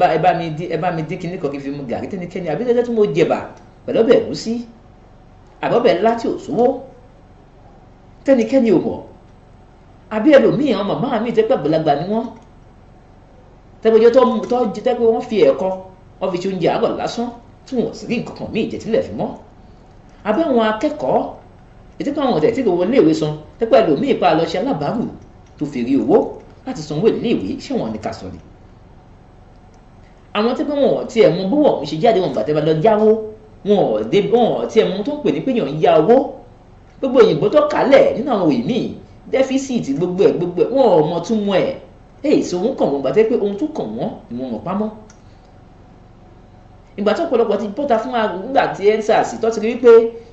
ẹ bá mi dín kíní kan kí n fi mu gàrí tẹ́nikẹ́ni àbí lọ́jọ́ tí mo jẹ̀bà pẹ̀lú ọbẹ̀ ẹ̀gúsí àbọ̀bẹ̀ ńlá tí ò súnmọ́ tẹ́nikẹ́ni ò mọ̀ àbí ẹlòmíì àwọn màmá mi tẹ́pẹ́ àgbàlagbà ni wọ́n tẹ́gbẹ́jọ́ tó tẹ́pẹ́ wọ́n fi ẹ̀kọ́ wọ́n fi ṣe oúnjẹ àárọ̀ lásán tí wọ́n sì rí nǹkan kan míì jẹ tílẹ̀ fi mọ́ àbí àwọn akẹ́kọ̀ọ́ ìtẹ́pẹ́ àwọn ọ̀tẹ̀ tí kò wọlé ìwé san tẹ́pẹ́ ẹlòmíì pa àlọ́ṣẹ́ alábàárù tó fi rí owó láti sanwó ilé ìwé ṣé wọn ní ká sọ ni àwọn tẹ́pẹ́ wọn ò tiẹ̀ mú bówọ̀ ń ṣe jáde wọn gbàtẹ́ bá lọ jáwó wọn ò dé wọn ò tiẹ̀ mú tó ń pè ní péyàn ń ya owó gbogbo òyìnbó tó kálẹ̀ nínú àwọn òyìn míì dẹ́físìtì gbogbo ẹ̀ gbogbo ẹ̀ wọn ò mọ tún mọ ẹ̀ èyí sọ òun kàn wọ́n gbàtẹ́ pé ohun tó kàn wọ́n ni wọ́n mọ̀ pamọ́ ìgbà tó ọ̀pọ̀lọpọ̀ ti bọ́ta fún àgbà tí ẹ̀ ń sàṣì tó ti rí pé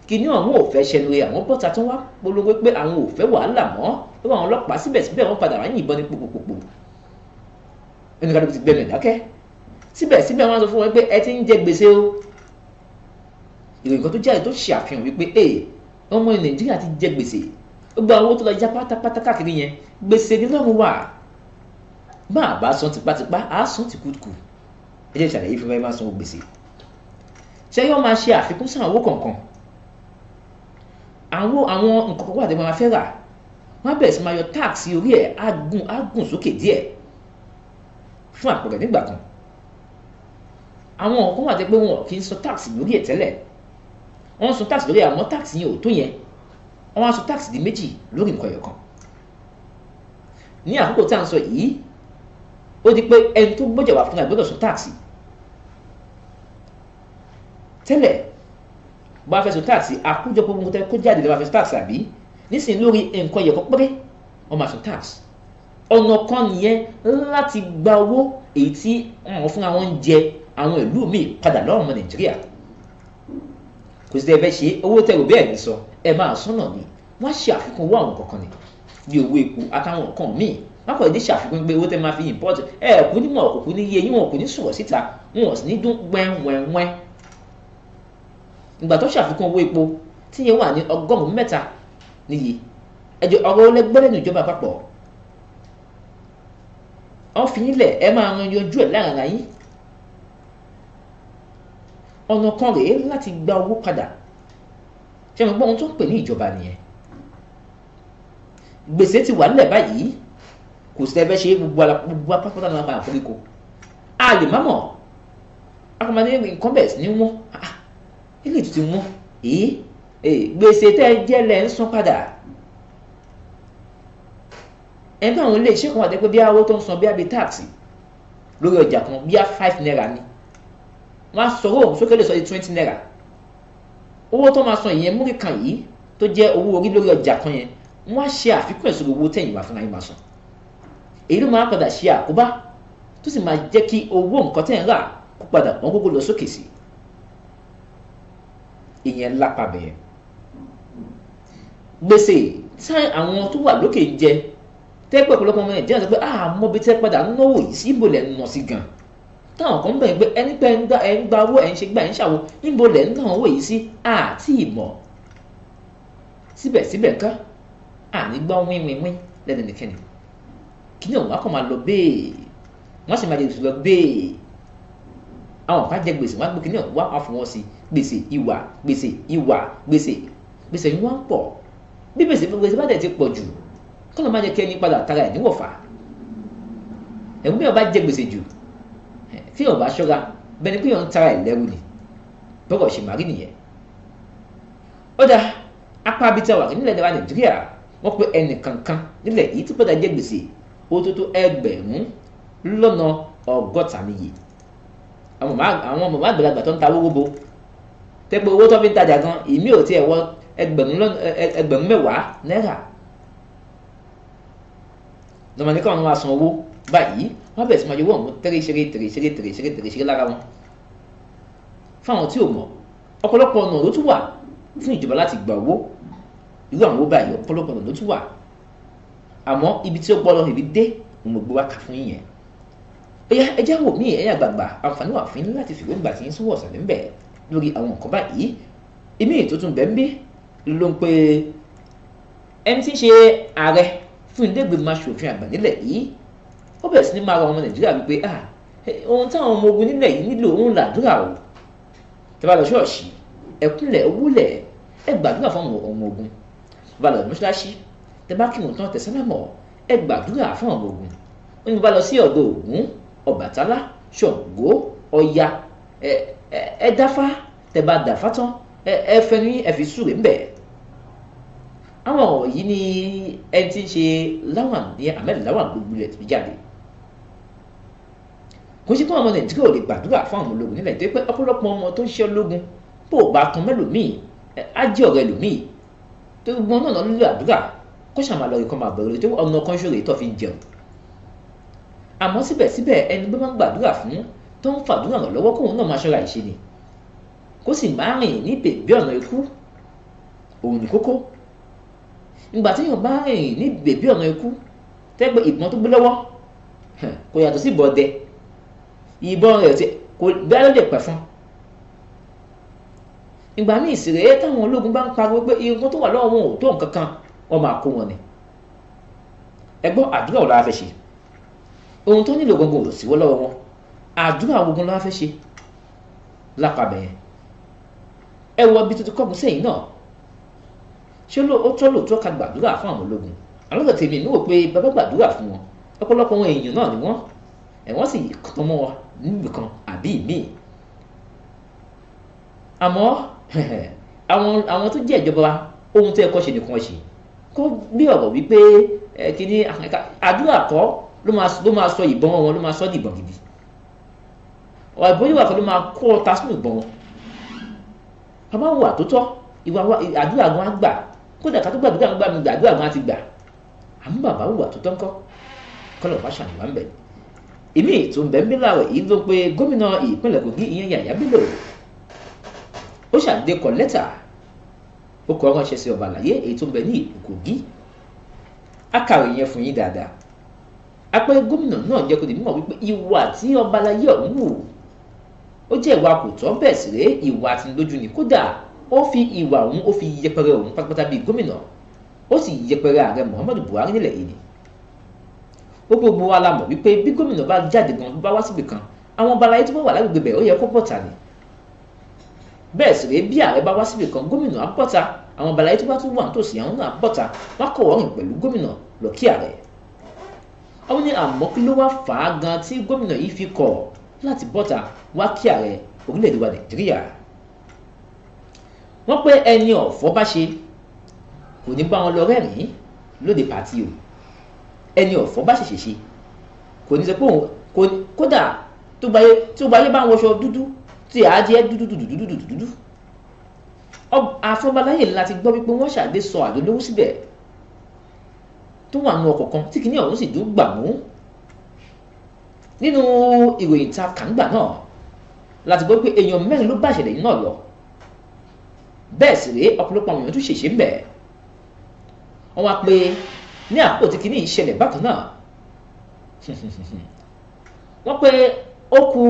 kìíní ọ̀hún ò fẹ́ ṣẹnu rẹ̀ àwọn bọ́ta tó wá polówó pé àwọn ò fẹ́ wàhálà mọ́ ó bá àwọn ọlọ́pàá síbẹ̀síbẹ̀ wọ́n padà wá yìnbọn ní pòpòpòpò ẹnì ló ti gbẹnu ìdákẹ́ síbẹ̀síbẹ̀ wọ́n sọ fún wọn pé ẹ ti ń jẹ gbèsè o ìròyìn kan tó jáde tó ṣe àfihàn wípé ee ọmọ nàìjíríà ti jẹ gbèsè gbogbo àwọn owó tó lọ já pátápátá káàkiri yẹn gbèsè ní lọ́rùn wà má a bá san tipátipá a san tìkútùkù ẹ jẹ́ ìṣàlàyé fún báyìí má san gbèsè ṣé yóò máa ṣe àfikún sí àwọn owó kọ̀ọ̀kan àwọn àwọn nǹkan kan wà tí wọ́n fẹ́ rà wọ́n bẹ̀rẹ̀ sí máa yọ táàsì orí ẹ̀ á gùn á gùn sókè díẹ̀ fún àpẹẹrẹ nígbà kan àwọn kan wà tí wọ́n kì í san táàsì lórí ẹ̀ tẹ́lẹ̀ wọ́n san tax lórí àmọ́ tax yẹn ò tó yẹn wọ́n á san tax di méjì lórí nǹkan ẹ̀yọ̀kan ní àkókò tá à ń sọ yìí ó di pé ẹni tó gbọ́jà wà fúnra gbọ́dọ̀ san tax tẹ́lẹ̀ bá a fẹ́ san tax àkójọpọ̀ gbogbo tẹ́ kó jáde lọ́wọ́ a fẹ́ san tax àbí nísìnyí lórí nǹkan ẹ̀yọ̀kan péré wọ́n máa san tax ọ̀nà kan nìyẹn láti gba owó èyí tí wọ́n fúnra wọn ń jẹ àwọn ìlú míì padà lọ́rùn ọmọ kò sí ẹbẹ ṣe owó tẹrù bẹ́ẹ̀ ní sọ ẹ máa súnà ni wọ́n ṣe àfikún owó àwọn kankan ni bí owó epo àtàwọn nǹkan míì wọ́n kọ̀ dé ṣàfikún pé owó tẹ máa fi import ẹ kú ní mọ̀ òkú ní iye yín wọn kò ní sùwọ̀ síta wọn ò sì ní dún wẹ́wẹ́wẹ́ ìgbà tó ṣàfikún owó epo tíyẹn wà ní ọgọ́rùn-ún mẹ́ta níyì ẹjọ ọ̀rọ̀ lẹ́gbẹ́lẹ́nu ìjọba àpapọ̀ wọ́n fi yín lẹ̀ ẹ máa yanjú ẹ̀ láàrin ara yín ọ̀nà kan rèé láti gba owó padà ṣe mo gbọ́ ohun tó ń pè ní ìjọba nìyẹn gbèsè ti wà nílẹ̀ báyìí kò sí ẹfẹ́ ṣe gbogbo apákọ́tà náà máa fún ikọ̀ a lè má mọ̀ akọ̀mọdé nǹkan bẹ̀rẹ̀ sí ní wọ́n ilé ah, ètò ti wọ́n èyí gbèsè tẹ́ ẹ jẹ́ lẹ́ ń san padà ẹni táwọn ilé iṣẹ́ kan wà dé pé bí owó tó ń san bí abẹ́ táàsì lórí ọjà kan bí a five naira ni wọ́n á sanwó ọ̀hún sókè lè sọ di twenty naira owó tó máa san ìyẹn múrí kan yìí tó jẹ́ owó orí lórí ọjà kan yẹn wọ́n á ṣe àfikún ẹ̀sùn owó tẹ̀yìn wá fúnra yín máa san èyí ló máa padà ṣe àkóbá tó sì máa jẹ́ kí owó nǹkan tẹ̀ ń rà kó padà pọ́n gbogbo lọ sókè sí ìyẹn lápá bẹ̀yẹn gbèsè tí àwọn tó wà lókè jẹ tẹ́pẹ́ ọ̀pọ̀lọpọ̀ ọmọ nàìjíríà sọ pé àmọ́ ah, bí tẹ́ padà náwó yìí sí ìbò lẹ̀ sí gan-an táwọn kan bẹ̀rẹ̀ pé ẹni pé ẹ ń gba owó ẹ ń ṣe gbá ẹ ń ṣàwo níbo lẹ̀ ń tàn owó yìí sí àti ìmọ̀ síbẹ̀síbẹ̀ ká àní wínwínwín lẹ́nu nìkẹ́ni kíni òun akọ̀ máa lọ bẹ́ẹ̀ wọ́n sì máa jẹ gbèsè lọ bẹ́ẹ̀ àwọn kan jẹ gbèsè wọ́n á gbé kíni òun wá wá sí gbèsè ìwà gbèsè ìwà gbèsè gbèsè yìí wọ́n pọ̀ bí gbèsè gbèsè bá dẹ̀ ti pọ̀ jù kọ́nà máa jẹ kí ẹni padà tara ẹ̀ níwọ̀fà ẹ̀mú bí wọ́n jẹ gbèsè jù tí yóò bá ṣọ́ra bẹ́ẹ̀ ni pé yóò ń tara ẹ̀ lẹ́rù ni bọ́rọ̀ ṣe máa rí nìyẹn. ó dáa apá abita wà nílẹ̀ níwá nàìjíríà wọ́n pe ẹnì kankan nílẹ̀ yìí tí padà jẹ́ gbèsè ó tó tó ẹgbẹ̀rún lọ́nà ọgọ́ta níye àwọn màmá àgbàlagbà tó ń ta owó bo tẹ́pẹ́ owó tó fi ń tajà gan ìmí ò tiẹ̀ wọ ẹgbẹ̀rún mẹ́wàá náírà lọ́mọdé káwọn wá san owó báyìí wọ́n bẹ̀rẹ̀ sí máa yọwọ́ ọ̀hún tẹ́rẹ́ ṣeré tẹ́rẹ́ ṣeré tẹ́rẹ́ ṣeré tẹ́rẹ́ ṣeré lára wọn fáwọn tí ò mọ̀ ọ̀pọ̀lọpọ̀ ọ̀nà ló tún wà fún ìjọba láti gba owó irú àwọn owó báyìí ọ̀pọ̀lọpọ̀ ọ̀nà ló tún wà àmọ́ ibi tí ó pọ̀ lọ ìrí dé òun gbogbo wa kà fún yìnyẹn ẹ̀yà ẹja wò mí ẹ̀yà gbàgbà àǹfààní wà fún láti fìwé gbà tí ń súnwọ̀ sàlẹ̀ ń bẹ̀ lórí àwọn nǹkan báyìí èmi ètò tún bẹ́ẹ̀ ń bí ló ń pe ẹni tí ó bẹ̀rẹ̀ sí ní máa ra ọmọ nàìjíríà wípé ah ohun táwọn ọmọ ogun nílẹ̀ yìí nílò òun làdúrà o tẹ́ bá lọ ṣọ́ọ̀ṣì ẹ̀kúnlẹ̀ owúlẹ̀ ẹ gbàdúrà fáwọn ọmọ ogun bá lọ mọ́ṣáláṣí tẹ́ bá kírun tán tẹ̀sánàmọ̀ ẹ gbàdúrà fáwọn ọmọ ogun ó ní bá lọ sí ọ̀dọ̀ ògún ọ̀bàtálá ṣọ̀ǹgó ọya ẹ dáfá tẹ́ bá dáfá tán ẹ fẹnu ẹ fi súre ńbẹ̀ àwọn ọ̀rọ̀ yìí ni ẹ ti ń ṣe Lawan ní Ahmed Lawan gbogbo ilẹ̀ tó jáde kò sí pé ọmọ nàìjíríà ò lè gbàdúrà fún àwọn ológun nílẹ̀ tó pé ọ̀pọ̀lọpọ̀ ọmọ tó ń ṣe ológun bó o bá tan mẹ́lòmíì á jẹ́ ọ̀rẹ́ lòmíì tó gbọ́n náà lọ́ọ́ nílò àdúrà kó ṣàmà lọ́ọ́ ikọ́ máa bẹ̀rẹ̀ tó ọ̀nà kan ṣòro ìtọ́ fi jẹun. àmọ́ síbẹ̀síbẹ̀ ẹni bá máa ń gbàdúrà fún tó ń fàdúrà ràn lọ́wọ́ kóun náà máa ṣọ́ra ìṣe ni kó sì má rìn ní bèbí ọ̀nà ikú òun ní kókó ìgbà tí yóò bá rìn ní bèbí ọ̀nà ikú tẹ́gbẹ́ ìbọn tó gbé lọ́wọ́ kò yàtọ̀ sí ìbọn ọdẹ ìbọn rẹ̀ tí kò bẹ́ẹ̀ ló lè pẹ́ fún. ìgbà míì sì rèé táwọn ológun bá ń pariwo pé irun tó wà lọ́wọ́ wọn ò tó nǹkan kan wọ́n máa kó wọn ni. ẹgbọ́n àdúrà ò lára fẹ́ ṣe ohun tó nílò gbogbo ò síwọ́ lọ́wọ́ wọn àdúrà ogun lára fẹ́ ṣe lápapẹ̀ yẹn ẹ wọ ibi tuntun kọ́gun sẹ́yìn náà ṣé ó tọ́ lóòótọ́ ká gbàdúrà fún àwọn ológun àlọ́dọ̀ tèmi mi wò pé bàbá gbàdúrà fún wọn ọ̀pọ̀lọpọ̀ ẹ̀ wọ́n sì tọ́ mọ́ wa níbìkan àbí ìmíì àmọ́ àwọn àwọn tó jẹ́ ìjọba ohun tó yẹ kó ṣe nìkan ṣe kó bí ọ̀rọ̀ wípé kíní àdúrà kọ́ ló máa sọ ìbọn wọn ló máa sọ dìbọn gidi ọ̀rọ̀ ìbójúwà kan ló máa kó ọta sínú ìbọn wọn àmọ́ wà tó tọ́ ìwà àdúrà gan á gbà kódà ká tó gbàdúrà gan gbà mí gbàdúrà gan á ti gbà àmú bàbá wà tó tọ́ ńkọ́ kọ́lọ̀ wá ṣàlùwà ń bẹ̀rẹ̀. ìmí ìtún bẹ́ńbí láwẹ̀ yìí ló pe gómìnà ìpínlẹ̀ Kogi ìyẹn Yàyà Bello ó ṣàdé kọ lẹ́tà ó kọ ránṣẹ́ sí ọba àlàyé èyí tó ń bẹ ní Kogi akàwé yẹn fún yín dáadáa apẹ́ gómìnà náà jẹ́ kó di wípé ìwà tí ọba àlàyé ọ̀hún wù ó jẹ́ ìwà kò tọ́ bẹ́ẹ̀ sì rèé ìwà àtinúdójú ni kódà ó fi ìwà òun ó fi yẹpẹrẹ òun pátápátá bíi gómìnà ó sì yẹpẹrẹ ààrẹ ó gbogbo wa la mọ̀ wípé bí gómìnà bá jáde gan bá wá síbi kan àwọn balayé tó bá wà lágbègbè bẹ̀ ó yẹ kó pọ̀ta ni bẹ́ẹ̀ sì rèé bí ààrẹ bá wá síbi kan gómìnà á pọ̀ta àwọn balayé tó bá tún wà nítòsí àwọn náà pọ̀ta wọn kọ̀ wọ́rìn pẹ̀lú gómìnà lọ kí ààrẹ ó ní àmọ́ kí ló wá fà á gan tí gómìnà yìí fi kọ̀ láti bọ́ta wá kí ààrẹ orílẹ̀-èdè wa nàìjíríà wọ́n pé ẹni ọ̀fọ̀ bá ṣe kò ní bá wọn lọ rẹ́rìn-ín lóde pàtí o ẹni ọ̀fọ́ bá ṣèṣe ṣe kò ní sọ pé òun kò ní kódà tó gbayé tó gbayé bá ń wọṣọ dúdú tí àá jẹ́ dúdú dúdú dúdú dúdú afọbaláyè ńlá ti gbọ́ wípé wọ́n ṣàdé sọ àdólówó síbẹ̀ tó wà nù ọkọ̀ kan tí kìíní ọ̀hún sì dùn gbà mú nínú ìròyìn ta kàńgbà náà láti gbọ́ pé èèyàn mẹ́rin ló bá ìṣẹ̀lẹ̀ yìí náà lọ bẹ́ẹ̀ sì rèé ọ̀pọ̀lọpọ̀ àwọn èèyàn tún ṣèṣe ń bẹ̀ wọ́n wá pé ní àkókò tí kìíní ìṣẹ̀lẹ̀ bákan náà wọ́n pé ó ku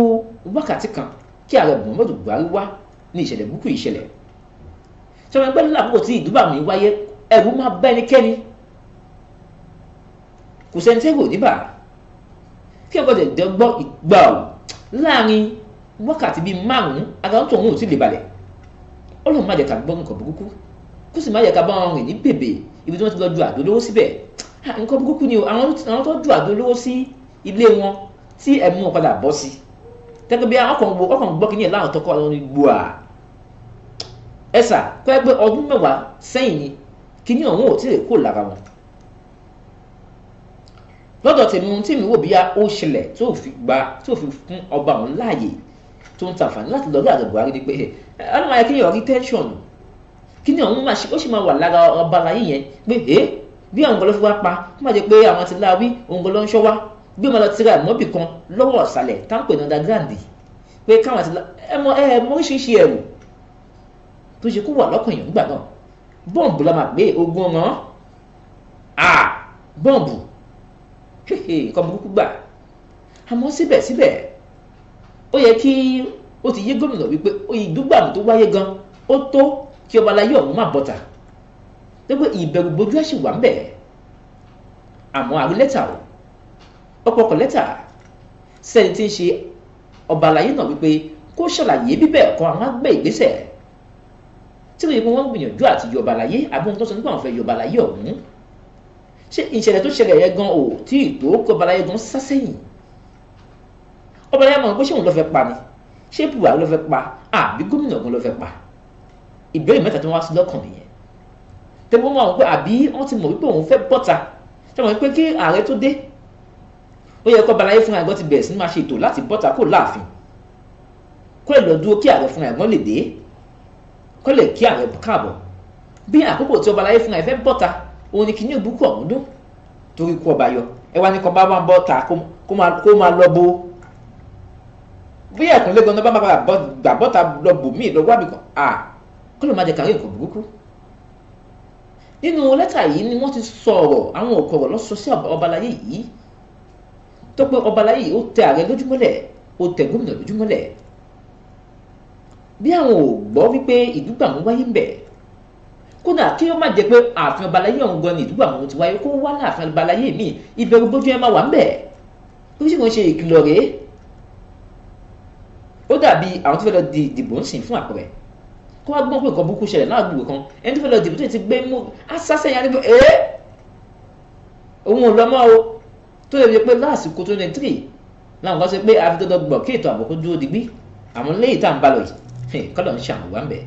wákàtí kan kí ààrẹ Muhammadu Buhari wá ní ìṣẹ̀lẹ̀ burúkú ìṣẹ̀lẹ̀ sọmọ ẹgbẹ́ lákòókò tí ìdúbàmù yìí wáyé ẹ̀rù máa bá ẹnikẹ́ni kò sẹ́ni tí kò níbà kí ẹ̀kọ́ tẹ̀ dọ́gbọ́ ìgbà ò láàrin wákàtí bíi márùn-ún ara tó òun ò tí lè balẹ̀ ó lóun má jẹ́ ká gbọ́ nǹkan burúkú kó sì má jẹ́ ká bá wọn rìn ní bèbè ibi tí wọ́n ti lọ ju àdó lówó síbẹ̀ nǹkan burúkú ni o àwọn tó ju àdó lówó sí ilé wọn tí ẹ̀mí wọn padà bọ́ sí tẹ́gbẹ́ bí ọkàn gbọ́ kí ní ẹ̀ láwọn tọkọ àwọn gbòà ẹ̀sà pẹ́ pé ọdún mẹ́wàá sẹ́yìn ni kí ní ọ̀hún ò tí ì kó lára wọn lọ́dọ̀ tèmi ohun tí mi wò bíyá ó ṣẹlẹ̀ tó fi gba tó fi fún ọba òun láàyè tó ń tàǹfààní láti lọ́dọ̀ ààrẹ Buhari ni pé ẹ ẹ ọlọ́mọ ayé kí yẹn rí tẹ́ńṣọ̀nù kí ni àwọn máa ṣe ó sì máa wà lára ọba aláyé yẹn pé ẹ bí àwọn ọ̀gọ́lọ́ wá pa ó máa jẹ́ pé àwọn ti láwí òǹgọ́lọ́ ń ṣọ́wá bí wọ́n lọ ti ra ìmọ̀bì kan lọ́wọ́ ọ̀sàlẹ̀ táǹpẹ̀ ní underground pé káwọn ti la ẹ mọ ẹ mọ oríṣiríṣi ẹ̀rù tó ṣe kó wà lọ́kàn èèyàn nígbà náà bọ́ǹbù la máa gbé ogun ọ̀ràn à bọ́ǹbù nǹkan burúkú gbà àmọ́ síbẹ̀síbẹ̀ ó yẹ kí ó ti yé gómìnà wípé ìdúgbàmù tó wáyé gan ó tó kí ọba aláyé ọ̀hún má bọ́ta tó pé ìbẹ̀rù bojú ẹ̀ sì wà ń bẹ̀ àmọ́ àrí lẹ́tà o ọ̀pọ̀ ọkọ̀ lẹ́tà sẹ́ni tí ń ṣe ọba aláyé náà wípé kó ṣàlàyé bíbẹ̀ ọ̀kan àwọn àgbẹ̀ ìgbésẹ̀ tí wọ́n yẹ kó wọ́n gbìyànjú àti yọba aláyé àbúrò tó sọ nípa àwọn fẹ́ yọba aláyé ọ̀hún ṣé ìṣẹ̀lẹ̀ tó ṣẹlẹ̀ yẹn gan o tí ìtò ọba aláyé gan sá ọba aláyé mọ̀ pé ṣé òun ló fẹ́ pa ni ṣé Buhari ló fẹ́ pa àbí gómìnà gan ló fẹ́ pa ìbéèrè mẹ́ta tí wọ́n wá sí lọ́kàn nìyẹn tẹ́gbọ́n mọ́ àwọn pé àbí wọ́n ti mọ̀ wípé òun fẹ́ bọ́ta tẹ́wọ̀n pé kí ààrẹ tó dé ó yẹ kó balayé fúnra ẹ̀gbọ́n ti bẹ̀rẹ̀ sí máa ṣe ètò láti bọ́ta kó láàfin kó lè lọ dúró kí ààrẹ fúnra ẹ̀gbọ́n lè dé kó lè kí ààrẹ káàbọ̀ bí àkókò tí ọba aláyé fúnra ẹ̀ fẹ́ bọ́ta òun ni kìíní òbúkú ọ̀hún dún torí ikú ọba yọ ẹ wá ní kan bá máa bọ́ta kó máa lọ bo bí ẹ̀kúnlẹ́gbọ̀n náà bá máa gbà bọ́ta lọ bò míì lọ wábìkan kọ́lọ̀ má jẹ́ kárí nǹkan burúkú nínú lẹ́tà yìí ni wọ́n ti sọ̀rọ̀ àwọn òkọ̀rọ̀ lọ́sọ sí ọbalayé yìí tó pé ọbalayé yìí ó tẹ ààrẹ lójúmọ́lẹ̀ ó tẹ gómìnà lójúmọ́lẹ̀ bí àwọn ò gbọ́ wípé ìdúgbàmù wáyé ń bẹ̀ kódà kí ó má jẹ́ pé ààfin ọbalayé ọ̀hún gan ni ìdúgbàmù ti wáyé kó wá láàfin ọbalayé mi ìbẹ̀rù bójú ẹ má wà ń bẹ̀ bí sì ṣe ìkìlọ̀ rèé ó dàbí àwọn tó fẹ́ lọ di ń sìn fún àpẹẹrẹ kó wá gbọ́ pé nǹkan burúkú ṣẹlẹ̀ láàgbègbè kan ẹni tó fẹ́ lọ dìbò tó ti gbé mú asásẹ́ yẹn nígbà ẹ́ òun ò lọ mọ́ o tó lè rí pé lásìkò tó ní tírì làwọn kan sọ pé àfi dandan gbọ̀ kí ètò àbùkù dúró digbí àmọ́ léyìí tá à ń balọ̀ yìí kọ́lọ̀ ń ṣàwọ̀ wá ń bẹ̀.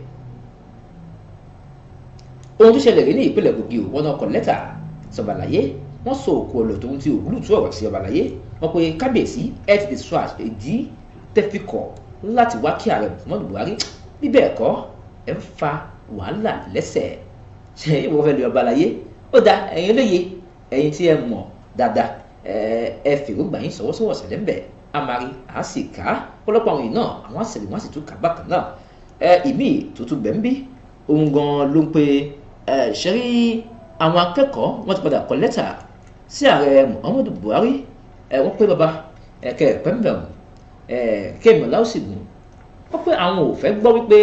ohun tó ṣẹlẹ̀ rí ní ìpínlẹ̀ Kogi ò wọ́n ọkọ̀ lẹ́tà sọ̀bàlàyé wọ́n sọ òkú ọlọ̀ tó ń ti òwúlù tú ọ̀rọ̀ sí ọ̀bàlàyé wọ́n pe kábíyèsí ẹ̀ ti sọ àṣẹ ìdí tẹ́fíkọ̀ láti wá kí ààrẹ Muhammadu Buhari bíbẹ̀ ẹ̀kọ́ ẹ ń fa wàhálà lẹ́sẹ̀ ṣe ìwọ fẹ́ lè ọba àlàyé ó da ẹ̀yin olóye ẹ̀yin tí ẹ mọ̀ dáadáa ẹ fìrúgbà yín sọ̀wọ́sọ̀wọ́ sẹ̀lẹ̀ ńbẹ̀ amari a sì ká ọ̀pọ̀lọpọ̀ àwọn yìí náà àwọn àṣẹlẹ̀ wọn sì tún kà bákan náà ẹ ìmí tuntun bẹ̀ ń bí ohun gan ló ń pe ẹ ṣe rí àwọn akẹ́kọ̀ọ́ wọn ti padà kọ lẹ́tà sí ààrẹ Muhammadu Buhari ẹ wọ́n pé baba ẹ kẹ́ ẹ pẹ́ ń bẹ̀rù ẹ kéèmọ̀ láòsì gùn wọ́n pé àwọn ò fẹ́ gbọ́ wípé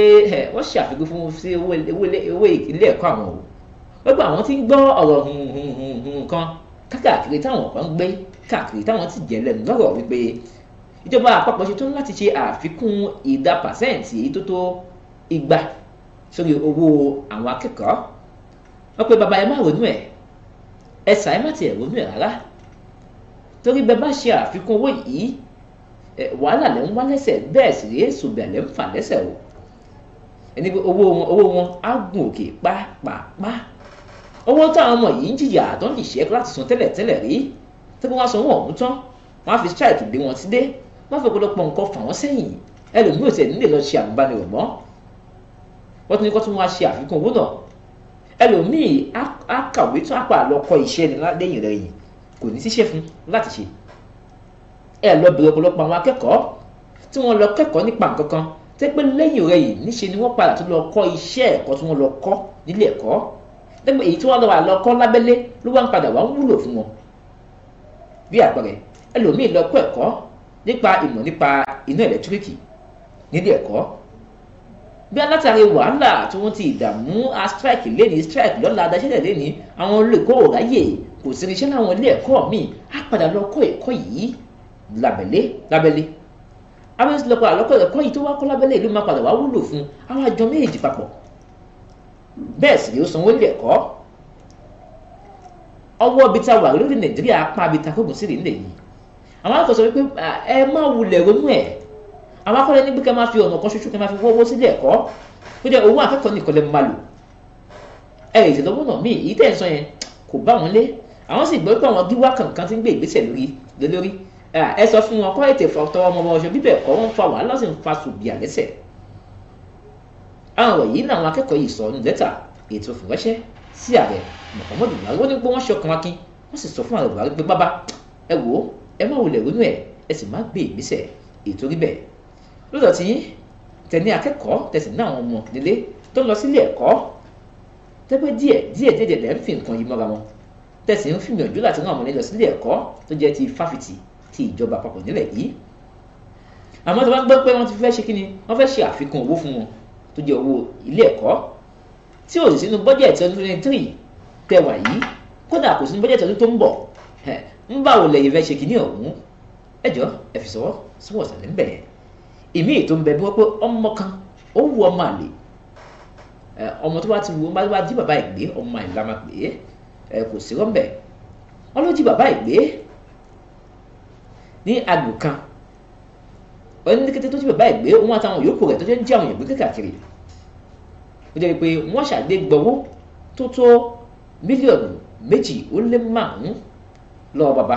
wọ́n ṣe àfikún fún sí owó ilé ẹ̀kọ́ àwọn o wọ́n àwọn ti ń gbọ́ ọ̀rọ̀ kan káàkiri táwọn kan ń gbé káàkiri táwọn ti jẹ́ lọ́rọ̀ wípé ìjọba àpapọ̀ ṣetán láti ṣe àfikún ìdá pàṣẹ́ǹtì tó tó igba sórí owó àwọn akẹ́kọ̀ọ́ wọ́n pé bàbá ẹ má ronú ẹ̀ ẹ̀sà ẹ má tiẹ̀ ronú ẹ̀ rárá torí bẹ́ẹ̀ bá ṣe àfikún owó yìí wàhálà lẹ́ ń wá lẹ́sẹ̀ bẹ́ẹ̀ sì rí èso bẹ́ẹ̀ lẹ́ ń fà lẹ́sẹ̀ o ẹni pé owó wọn owó wọn á gùn òkè pápápá owó táwọn ọmọ yìí ń jìyà tó ń jìṣẹ́ láti san tẹ́lẹ̀ tẹ́lẹ̀ rí tí wọ́n sanwó ọ̀hún tán wọ́n á fi strike gbé wọn sílé wọ́n á fi ọ̀pọ̀lọpọ̀ nǹkan fà wọ́n sẹ́yìn ẹlòmíì ò nílé lọ ṣe àgùnbánirọ̀ mọ́ wọ́n tún ní kó tún wá ṣe àfikún owó náà ẹlòmíì á kàwé tún á àlọ́kọ iṣẹ́ ni lẹ́yìn rẹ̀ yìí kò ní tíṣẹ́ fún láti ṣe ẹ lọ bèrè ọ̀pọ̀lọpọ̀ àwọn akẹ́kọ̀ọ́ tí wọ́n lọ kẹ́kọ̀ọ́ nípa nǹkan kan tẹ́ pé lẹ́yìn rẹ̀ yìí níṣe ni wọ́n padà tún lọ kọ́ iṣẹ́ ẹ̀kọ́ tí wọ́n lọ kọ́ nílé ẹ̀kọ́ dẹ́gbẹ́ èyí tí wọ́n lọ wà lọ kọ́ lábẹ́lé ló wá ń padà wá ń wúlò fún wọn. bí àpẹẹrẹ ẹlòmíì lọ kọ́ ẹ̀kọ́ nípa ìmọ̀ nípa iná ẹ̀lẹ́tíríkì nílé ẹ̀kọ́ bí alátàrí wàhálà tí wọ́n ti ìdààmú a strike lẹ́ni strike lọ́la adáṣẹ́lẹ̀ lẹ́ni àwọn olùkọ́ òráyè kò sí irinṣẹ́ láwọn ilé ẹ̀kọ́ míì á padà lọ kọ́ ẹ̀kọ́ yìí lábẹ́lé lábẹ́lé àwọn èsì lọ́kọ̀ àlọ́kọ̀ ẹ̀kọ́ yìí tó wá kọ́ lábẹ́lé ìlú máa padà wá wúlò fún àwọn àjọ méjì papọ̀ bẹ́ẹ̀ sì yóò sanwó nílé ẹ̀kọ́ ọwọ́ bíi ta wà lórí nàìjíríà apá bíi ta kógun sí nílẹ̀ yìí àwọn akọ̀ sọ wípé ẹ má wulẹ̀ ronú ẹ̀ àwọn akọ̀ lẹ́ni pé ká máa fi ọ̀nà kan ṣoṣo ká máa fi wọ́wọ́ sílé ẹ̀kọ́ pé jẹ́ owó akẹ́kọ̀ọ́ nìkan lẹ́ máa lò ẹ̀ ìṣèlọ́wọ́ náà míì ìtẹ̀ ń sọ yẹn kò bá wọn lé àwọn sì gbọ́ pé àwọn gíwá kankan ti ń gbé ìgbésẹ̀ lórí lórí ẹ sọ fún wọn kọ́ ètè fọ̀tọ́ ọmọ ọmọ ọ̀ṣọ́ bíbẹ̀ kọ́ wọn fa wàhálà sì ń fa sùgbìyà lẹ́sẹ̀ àwọn wọ̀nyí làwọn akẹ́kọ̀ọ́ yìí sọ lẹ́tà ètò ìfìwẹ́ṣẹ́ sí ààrẹ Muhammadu Buhari wọ́n ní pé wọ́n ṣọkan akin wọ́n sì sọ fún ààrẹ Buhari pé bábá ẹ wò ó ẹ má wulẹ̀ ronú ẹ ẹ sì má gbé ìgbésẹ̀ ètò rí bẹ́ẹ̀ lọ́dọ̀ tí tẹ̀ní akẹ́kọ̀ọ́ tẹ̀sí ní àwọn ọmọ òkèlélé tó ń lọ sílé ẹ̀kọ́ tẹ́pẹ́ díẹ̀ díẹ̀ díẹ̀ lẹ́ ń fi nǹkan yìí mọ́ra wọn tẹ̀sí ń fìyànjú láti rán àwọn ọmọ nílọ sílé ẹ̀kọ́ tó jẹ́ ti fáfitì ti ìjọba àpapọ̀ nílẹ̀ yìí àmọ́ tó bá gbọ́ pé wọ́n ti fẹ́ ṣe kí ni wọ́n fẹ́ ṣe àfikún owó fún wọn tó jẹ́ owó ilé ẹ̀kọ́ tí ò sì sínú bọ́jẹ̀tì ọdún twenty three tẹwà yìí kódà kò sínú bọ́jẹ̀tì ọdún tó ń bọ̀ ń bá wò lẹ́yìn fẹ́ ṣe kìíní ọ̀hún ẹjọ́ ẹ fi sọ́wọ́ sọ́wọ́ sàlẹ̀ ń bẹ̀ ìmí ètò ń bẹ bí wọ́n pé ọmọ kan ó wù ọmọ àlè ọmọ tó bá ti wù ọmọ jí bàbá ẹ̀ gbé ọmọ àlè la máa pè é kò sí rọ́ńbẹ̀ wọ́n ló jí bàbá ẹ̀ gbé ní aago kan wọ́n ní kété tó ti bàbá ìgbé wọn àtàwọn yòókù rẹ̀ tó jẹ́ jẹ́ àwọn èèyàn gbé káàkiri ó jẹ́ pé wọ́n ṣàdé gbọ́wọ́ tó tó mílíọ̀nù méjì ó lé márùn-ún lọ́wọ́ bàbá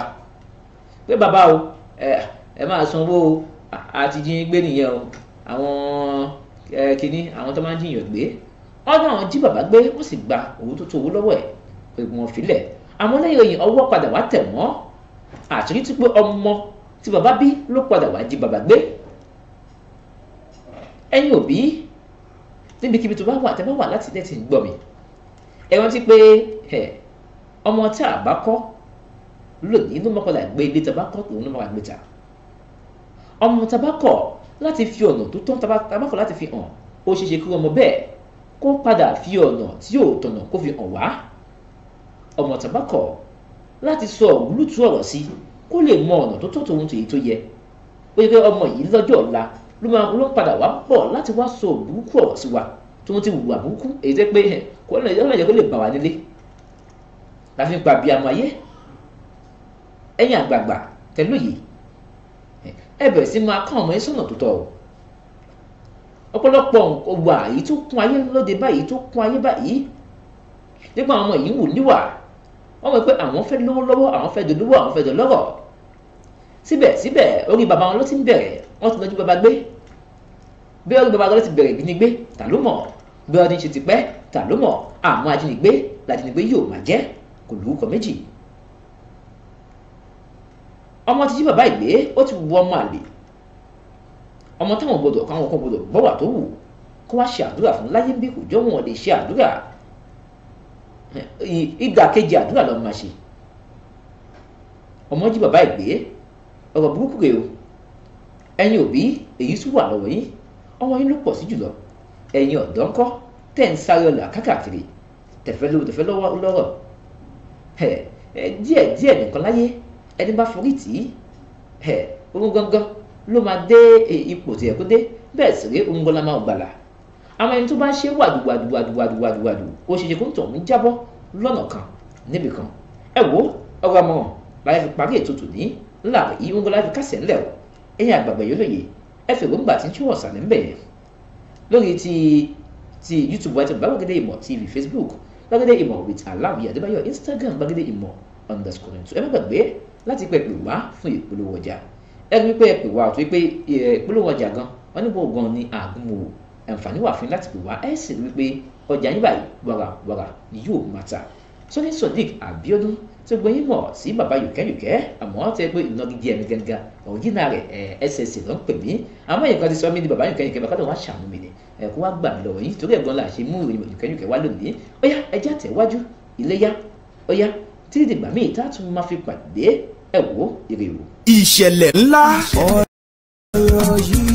pé bàbá o ẹ máa sanwó àti jí gbé nìyẹn o àwọn kìíní àwọn tó máa ń jiyàn gbé ọ̀nà àwọn jí bàbá gbé ó sì gba owó tó tó owó lọ́wọ́ ẹ̀ pé wọ́n filẹ̀ àmọ́ lẹ́yìn ọwọ́ padà wá tẹ̀ wọ́n àṣírí tí pé ọmọ tí bàbá bí ló padà wá jí bàbá gbé ẹ̀yin òbí níbikíbi tó bá wà tẹ́ bá wà láti ilẹ̀ tí ń gbọ́ mi ẹ rántí pé ọmọ tí a bá kọ́ lónìí ló mọ́kànlá gbé ilé tí a bá kọ́ tòun ló mọ́kànlá gbé ta ọmọ tí a bá kọ́ láti fi ọ̀nà tó tọ́ tí a bá kọ́ láti fi hàn ó ṣeé ṣe kí ọmọ bẹ́ẹ̀ kó padà fi ọ̀nà tí yóò tọ̀nà kó fi hàn wá ọmọ tí bá kọ́ láti sọ òwúlùtú ọ̀rọ̀ sí i kó lè mọ ọ̀nà tó tọ́ tòun tèyí tó yẹ ó yẹ kí ọmọ yìí lọ́jọ́ ọ̀la ló máa ló ń padà wá bọ̀ láti wá sọ burúkú ọ̀rọ̀ sí wa tó ń ti wùwà burúkú èyí tẹ́ pé kó lè yẹ kó lè bà wá nílé láti ń pa bí amọ̀ ayé ẹ̀yin àgbààgbà tẹ̀lú yìí ẹ bẹ̀rẹ̀ sí máa kán ọmọ yín sọ̀nà tó tọ́ o ọ̀pọ̀lọpọ̀ wà èyí tó kún ayé lóde báyìí tó kún ayé báyìí nípa àwọn ọmọ yìí wù níwà wọ́n mọ̀ pé àwọn fẹ́ lówó lọ́wọ́ àwọn fẹ́ dolówó àwọn fẹ́ dolọ́rọ̀ síbẹ̀síbẹ̀ orí bàbá wọn ló ti ń bẹ̀rẹ̀ wọ́n ti lọ́jú bàbá gbé bí orí bàbá wọn ló ti bẹ̀rẹ̀ ìbínigbé ta ló mọ̀ bí ọdún ṣe ti pẹ́ ta ló mọ̀ àwọn ajínigbé làjínigbé yóò máa jẹ́ kò lórúkọ méjì ọmọ ti jí bàbá ìgbé ó ti wù ọmọ àlè ọmọ táwọn gbọ́dọ̀ káwọn kan gbọ́dọ̀ gbọwà tó wù kó wá ṣe àdúrà fún láyé bí kò jọ wọn lè ṣe àdúrà ìdàkejì àdúrà lọ́mọ máa ṣe ọmọ jí bàbá ẹ̀ gbé ọ̀rọ̀ burúkú rèé o ẹ̀yin òbí èyí tún wà lọ́wọ́ yín ọmọ yín ló pọ̀ sí jùlọ ẹ̀yin ọ̀dọ́ ńkọ́ tẹ̀ ń sáré ọ̀là kákàkiri tẹ̀fẹ́ lówó tẹ̀fẹ́ lọ́rọ̀ díẹ̀ díẹ̀ nìkan láyé ẹni bá forí tì í orun gangan ló máa dé ipò tìyẹ̀kú dé bẹ́ẹ̀ sì rí orun gan la máa gbàlà àwọn ẹni tó bá ṣe wàdùwàdùwàdùwàdùwàdù ó ṣe ṣe kó ń tàn mí jábọ́ lọ́nà kan níbì kan ẹ wo ọ̀rọ̀ àmọ̀ràn láyé fi parí ètò tòní ńlá yìí ń gbọ́ láyé fi kásẹ̀ ńlẹ̀ o ẹ̀yin àgbààgbà yóò lóye ẹ fi èròǹgbà tí ń tún ọ̀sán ní bẹ̀ lórí ti ti youtube wáyé tó bá gbàgede ìmọ̀ tv facebook gbàgede ìmọ̀ with aláwìyí adébáyọ̀ instagram gbàgede ìmọ̀ underscore two ẹ má gbàgbé láti pẹ́ pè wá fún ìpolówó ọjà ẹni wípé ẹ pè wá ọ̀tún wípé ìpolówó ọjà gan wọn níbo gan ni àgúnmọ̀wò àǹfààní wà fún láti pè wá ẹ sì rí wípé ọjà yín báyìí wàràwàrà ni yóò máa tà sọfí sodiq abiodun tó gbẹ̀yìn mọ̀ sí baba yòkẹ́yòkẹ́ àmọ́ tẹ́ pé ìnagijẹ mi gangan òjìnà rẹ̀ ẹsẹsẹ ló ń pè mí àmọ́ ìkan ti sọ mí ní bàbá yòkẹ́yòkẹ́ bàbá tó wá ṣàánú mi ni ẹ kó wá gbà mí lọ́wọ́ yìí torí ẹ̀gbọ́n la ṣe mú ìròyìn yòkẹ́yòkẹ́ wá lónìí ó yá ẹjẹ́ àtẹ̀wájú iléyá ó títí dìgbà míì tá a tún máa fi pàdé ẹ̀wò ìrèwò. ìṣẹ̀lẹ̀ ńlá. ọ̀rọ̀ yìí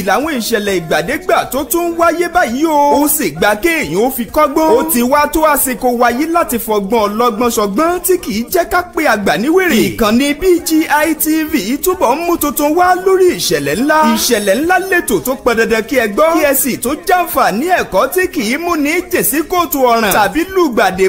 yìí làwọn ìṣẹ̀lẹ̀ ìgbàdégbà tó tún ń wáyé báyìí o. ó sì gba kéèyàn ó fi kọ́gbọ́n. ó ti wá tó àsìkò wáyé láti fọgbọ́n ọlọ́gbọ́n ṣọgbọ́n tí kì í jẹ́ ká pé àgbà níwèrè. ìkànnì BGI TV túbọ̀ ń mú tuntun wá lórí ìṣẹ̀lẹ̀ ńlá. ìṣẹ̀lẹ̀ ńlá lètò tó pọn dandan kí ẹ gbọ́. kí ẹ sì tó jàǹfààní ẹ̀kọ́ tí kì í mú ní jèsí ọ̀ràn. tàbí lùgbàdì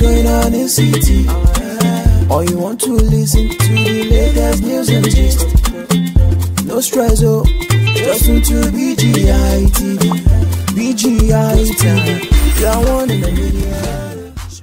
going on in city. Or you want to listen to the latest news and gist. No stress, oh, just tune to BGI TV. BGI TV, you're one in a million.